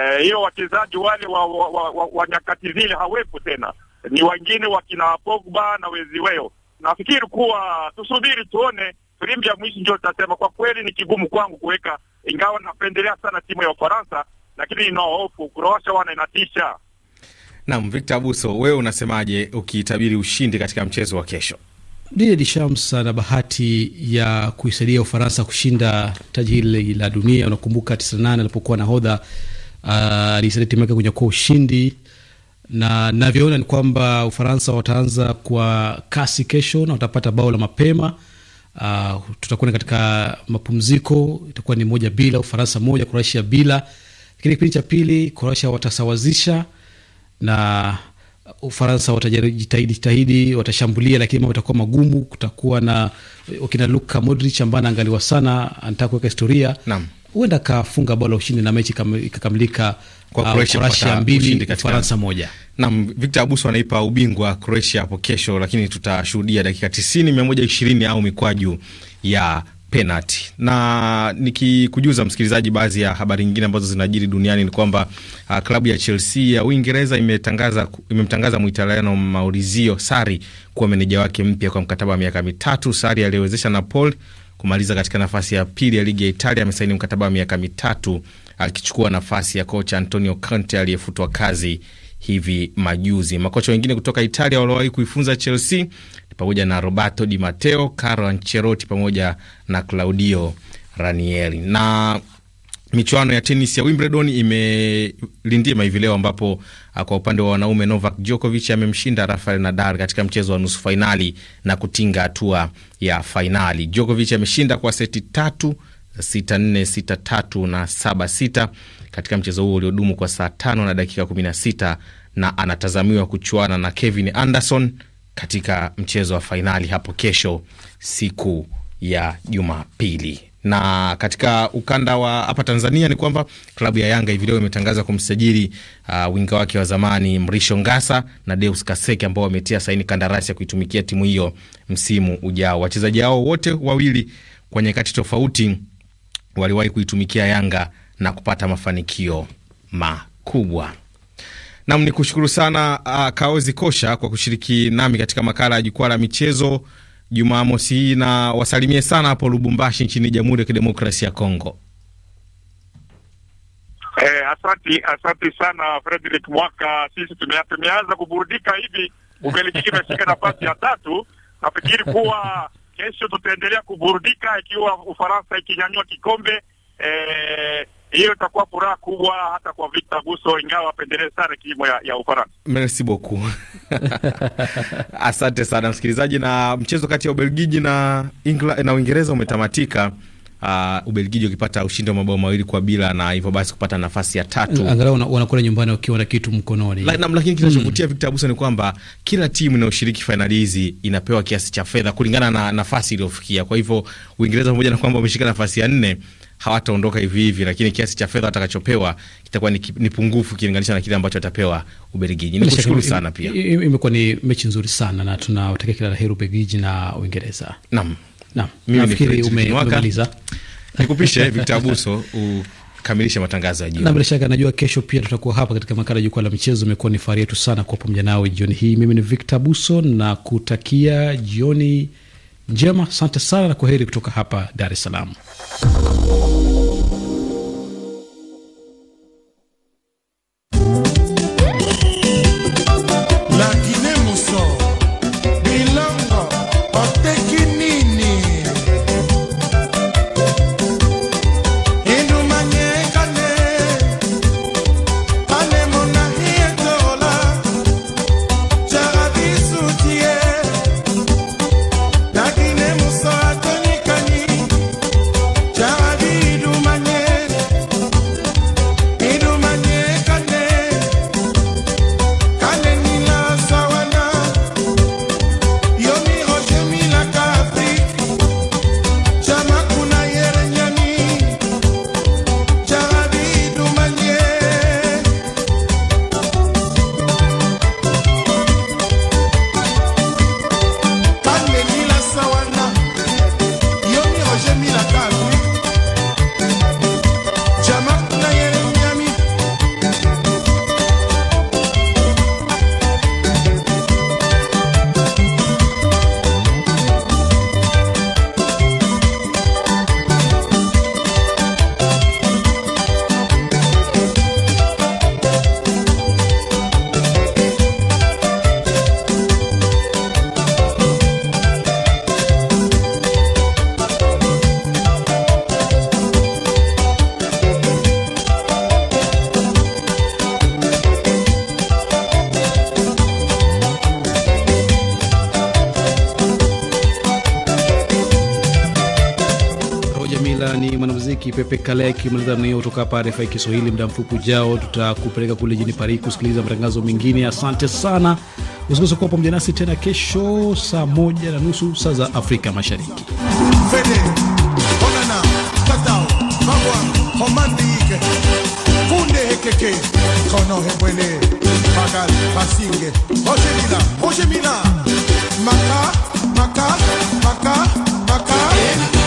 eh, hiyo eh, wachezaji wale wa, wa, wa, wa, wa nyakati zile hawepo tena, ni wengine wakina Pogba na Weziweo. Nafikiri kuwa tusubiri tuone filimbi ya mwisho ndio tutasema. Kwa kweli ni kigumu kwangu kuweka ingawa napendelea sana timu ya Ufaransa, lakini ina hofu Kroatia wanainatisha. Naam, Victor Abuso, wewe unasemaje ukiitabiri ushindi katika mchezo wa kesho? Didier Shams ana bahati ya kuisaidia Ufaransa kushinda taji hili la dunia. Unakumbuka 98 alipokuwa nahodha ah, alisaidia uh, timu yake kunyakua ushindi, na navyoona ni kwamba Ufaransa wataanza kwa kasi kesho na watapata bao la mapema Uh, tutakuwa katika mapumziko, itakuwa ni moja bila Ufaransa moja Kroatia bila, lakini kipindi cha pili Kroatia watasawazisha na Ufaransa watajitahidi jitahidi, watashambulia lakini mambo itakuwa magumu. Kutakuwa na eh, wakina Luka Modric ambaye anaangaliwa sana, anataka kuweka historia Naam huenda kafunga bao la ushindi na mechi ikakamilika kwa uh, Croatia mbili Ufaransa moja. Victor Abuso anaipa ubingwa Croatia hapo kesho, lakini tutashuhudia dakika moja ishirini au mikwaju ya penalty. Na nikikujuza msikilizaji, baadhi ya habari nyingine ambazo zinajiri duniani ni kwamba uh, klabu ya Chelsea ya Uingereza imetangaza imemtangaza Mwitaliano Maurizio sari kuwa meneja wake mpya kwa mkataba wa miaka mitatu. sari aliyewezesha Napoli kumaliza katika nafasi ya pili ya ligi ya Italia, amesaini mkataba wa miaka mitatu akichukua nafasi ya kocha Antonio Conte aliyefutwa kazi hivi majuzi. Makocha wengine kutoka Italia waliowahi kuifunza Chelsea ni pamoja na Roberto Di Matteo, Carlo Ancelotti pamoja na Claudio Ranieri na michuano ya tenis ya Wimbledon imelindima hivi leo ambapo ah, kwa upande wa wanaume Novak Djokovic amemshinda Rafael Nadal katika mchezo wa nusu fainali na kutinga hatua ya fainali. Djokovic ameshinda kwa seti tatu sita nne sita tatu na saba sita katika mchezo huo uliodumu kwa saa tano na dakika kumi na sita na anatazamiwa kuchuana na Kevin Anderson katika mchezo wa fainali hapo kesho siku ya Jumapili na katika ukanda wa hapa Tanzania ni kwamba klabu ya Yanga hivi leo imetangaza kumsajili uh, winga wake wa zamani Mrisho Ngasa na Deus Kaseke ambao wametia saini kandarasi ya kuitumikia timu hiyo msimu ujao. Wachezaji hao wote wawili kwa nyakati tofauti waliwahi kuitumikia Yanga na kupata mafanikio makubwa. Nam ni kushukuru sana uh, Kaozi Kosha kwa kushiriki nami katika makala ya jukwaa la michezo. Jumamosi hii na wasalimie sana hapo Lubumbashi nchini Jamhuri ya Kidemokrasia ya Kongo. Eh, asante asante sana Frederick Mwaka, sisi tumeanza kuburudika hivi. Ubelgiji imefika nafasi ya tatu, nafikiri kuwa kesho tutaendelea kuburudika ikiwa Ufaransa ikinyanyua kikombe eh, hiyo itakuwa furaha kubwa hata kwa Victor Buso, ingawa apendelee sana kilimo ya, ya Ufaransa. Merci beaucoup asante sana msikilizaji. Na mchezo kati ya Ubelgiji na Ingla, na Uingereza umetamatika. Uh, Ubelgiji ukipata ushindi wa mabao mawili kwa bila na hivyo basi kupata nafasi ya tatu, mm, angalau wanakula nyumbani wakiwa na kitu mkononi. Lakini kinachovutia mm. Victor Buso ni kwamba kila timu inayoshiriki fainali hizi inapewa kiasi cha fedha kulingana na nafasi iliyofikia. Kwa hivyo Uingereza pamoja na kwamba wameshika nafasi ya nne hawataondoka hivi hivi, lakini kiasi cha fedha watakachopewa kitakuwa ni pungufu kilinganisha na kile ambacho atapewa Ubelgiji. kushukuru sana pia, imekuwa ni mechi nzuri sana na tunawatakia kila la heri Ubelgiji na Uingereza. Naam, naam, nafikiri umemaliza, nikupishe Victor Abuso kamilisha matangazo ya jioni. Na bila shaka najua kesho pia tutakuwa hapa katika makala ya jukwaa la michezo. Imekuwa ni fahari yetu sana kuwa pamoja nawe jioni hii. Mimi ni Victor Buso na kutakia jioni njema. Asante sana na kwaheri kutoka hapa Dar es Salaam. Pekale akimaliza namna hiyo. Kutoka hapa RFI Kiswahili, muda mfupi ujao tutakupeleka kule jini Paris kusikiliza matangazo mengine. Asante sana, usikose kuwa pamoja nasi tena kesho saa moja na nusu saa za Afrika Mashariki. Maka, maka, maka, maka.